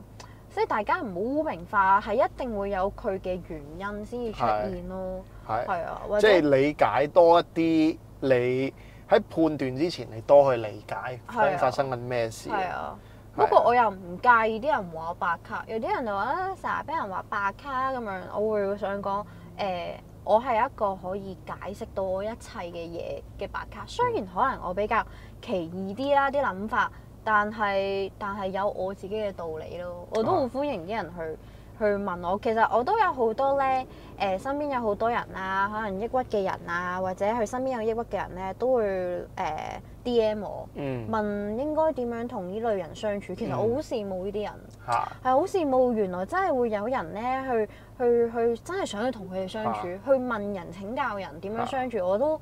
Speaker 2: 即係大家唔好污名化，係一定會有佢嘅原因先至出現咯。係啊，即係理
Speaker 1: 解多一啲你。喺判斷之前，你多去理解、啊、發生緊咩事。係啊，
Speaker 2: 不過、啊、我又唔介意啲人話我白卡，有啲人就話成日俾人話白卡咁樣，我會想講誒、呃，我係一個可以解釋到我一切嘅嘢嘅白卡。雖然可能我比較奇異啲啦，啲諗法，但係但係有我自己嘅道理咯。我都好歡迎啲人去。啊去問我，其實我都有好多咧，誒、呃、身邊有好多人啊，可能抑鬱嘅人啊，或者佢身邊有抑鬱嘅人咧，都會誒、呃、DM 我，嗯、問應該點樣同呢類人相處。其實我好羨慕呢啲人，係好、嗯、羨慕原來真係會有人咧去去去，去真係想去同佢哋相處，啊、去問人請教人點樣相處，啊、我都。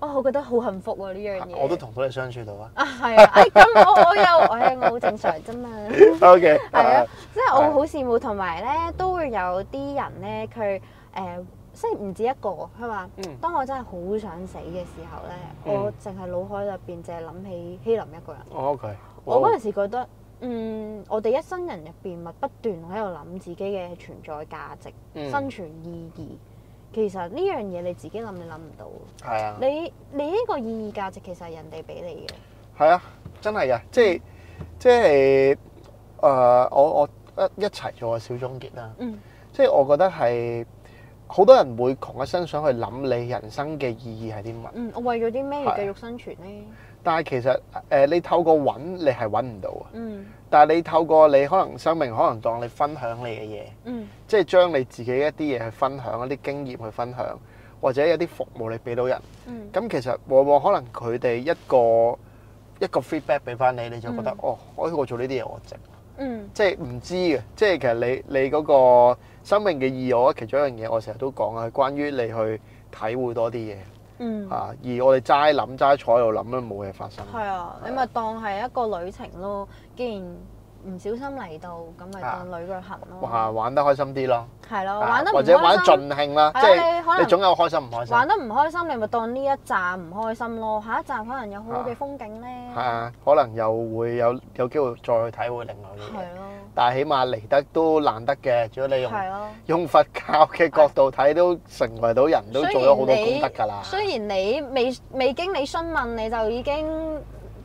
Speaker 2: 哇！我覺得好幸福喎呢樣嘢，我都
Speaker 1: 同佢哋相處到啊！
Speaker 2: 啊係啊！咁、哎、我我有哎我好正常啫嘛。O K，係啊，即係我好羨慕，同埋咧都會有啲人咧，佢誒即係唔止一個。佢話：當我真係好想死嘅時候咧，嗯、我淨係腦海入邊淨係諗起希林一個人。哦、
Speaker 1: o、okay, K，我嗰陣時
Speaker 2: 覺得，嗯，嗯我哋一生人入邊咪不斷喺度諗自己嘅存在價值、嗯、生存意義。其實呢樣嘢你自己諗，你諗唔到。係啊，你你呢個意義價值其實係人哋俾你嘅。
Speaker 1: 係啊，真係噶，即係即係誒，我我一一齊做個小總結啦。嗯，即係我覺得係好多人會窮一生想去諗你人生嘅意義係啲乜？嗯，
Speaker 2: 我為咗啲咩要繼續生存咧，
Speaker 1: 啊？但係其實誒、呃，你透過搵，你係搵唔到啊。嗯。但係你透過你可能生命，可能當你分享你嘅嘢，嗯，即係將你自己一啲嘢去分享一啲經驗去分享，或者有啲服務你俾到人，咁、嗯、其實往往可能佢哋一個一個 feedback 俾翻你，你就覺得、嗯、哦，可以我做呢啲嘢我值，嗯，即係唔知嘅，即係其實你你嗰個生命嘅意義，我其中一樣嘢我成日都講啊，係關於你去體會多啲嘢。嗯，嚇！而我哋齋諗齋坐喺度諗都冇嘢發生。
Speaker 2: 係啊，啊你咪當係一個旅程咯。既然唔小心嚟到，咁咪當旅旅行
Speaker 1: 咯、啊。玩得開心啲咯。
Speaker 2: 係咯、啊，玩得或者玩得盡
Speaker 1: 興啦。啊、你可能即係你總有開心唔開心。玩得
Speaker 2: 唔開心，你咪當呢一站唔開心咯。下一站可能有好好嘅風景咧。
Speaker 1: 係啊，啊，可能又會有有機會再去睇會另外嘅嘢。但係起碼嚟得都難得嘅，如果你用用佛教嘅角度睇，都成為到人都做咗好多功德㗎啦。
Speaker 2: 雖然你未未經你詢問，你就已經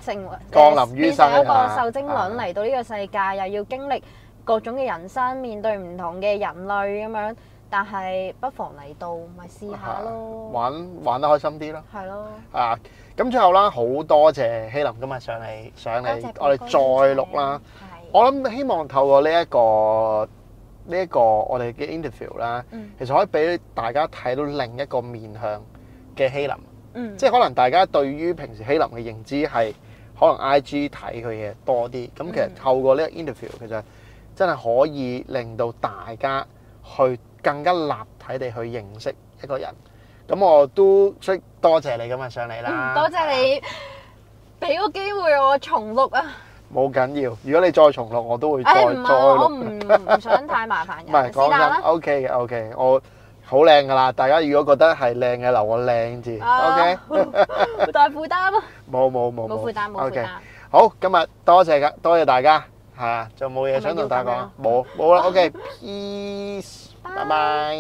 Speaker 2: 成為降臨於世嘅一個受精卵嚟到呢個世界，又要經歷各種嘅人生，面對唔同嘅人類咁樣。但係不妨嚟到咪試下咯，
Speaker 1: 玩玩得開心啲咯。係咯。啊！咁最後啦，好多謝希林今日上嚟上嚟，我哋再錄啦。我諗，希望透過呢、呢、一個呢一、呢個我哋嘅 interview 啦，嗯，其實可以俾大家睇到另一個面向嘅希林，嗯、即係可能大家對於平時希林嘅認知係可能 I G 睇佢嘅多啲，咁、嗯、其實透過呢個 interview，其實真係可以令到大家去更加立體地去認識一個人。咁我都多謝你今日上嚟啦，嗯，多
Speaker 2: 謝你俾個機會我重錄啊！
Speaker 1: 冇緊要，如果你再重錄，我都會再再錄。唔係，我唔唔想
Speaker 2: 太麻煩嘅。唔係講真
Speaker 1: ，OK 嘅 OK，我好靚噶啦。大家如果覺得係靚嘅，留個靚字。OK。
Speaker 2: 大負擔。冇
Speaker 1: 冇冇冇。冇負擔冇負擔。好，今日多謝噶，多謝大家。係啊，就冇嘢想同大家講。冇冇啦
Speaker 2: ，OK，peace，
Speaker 1: 拜拜。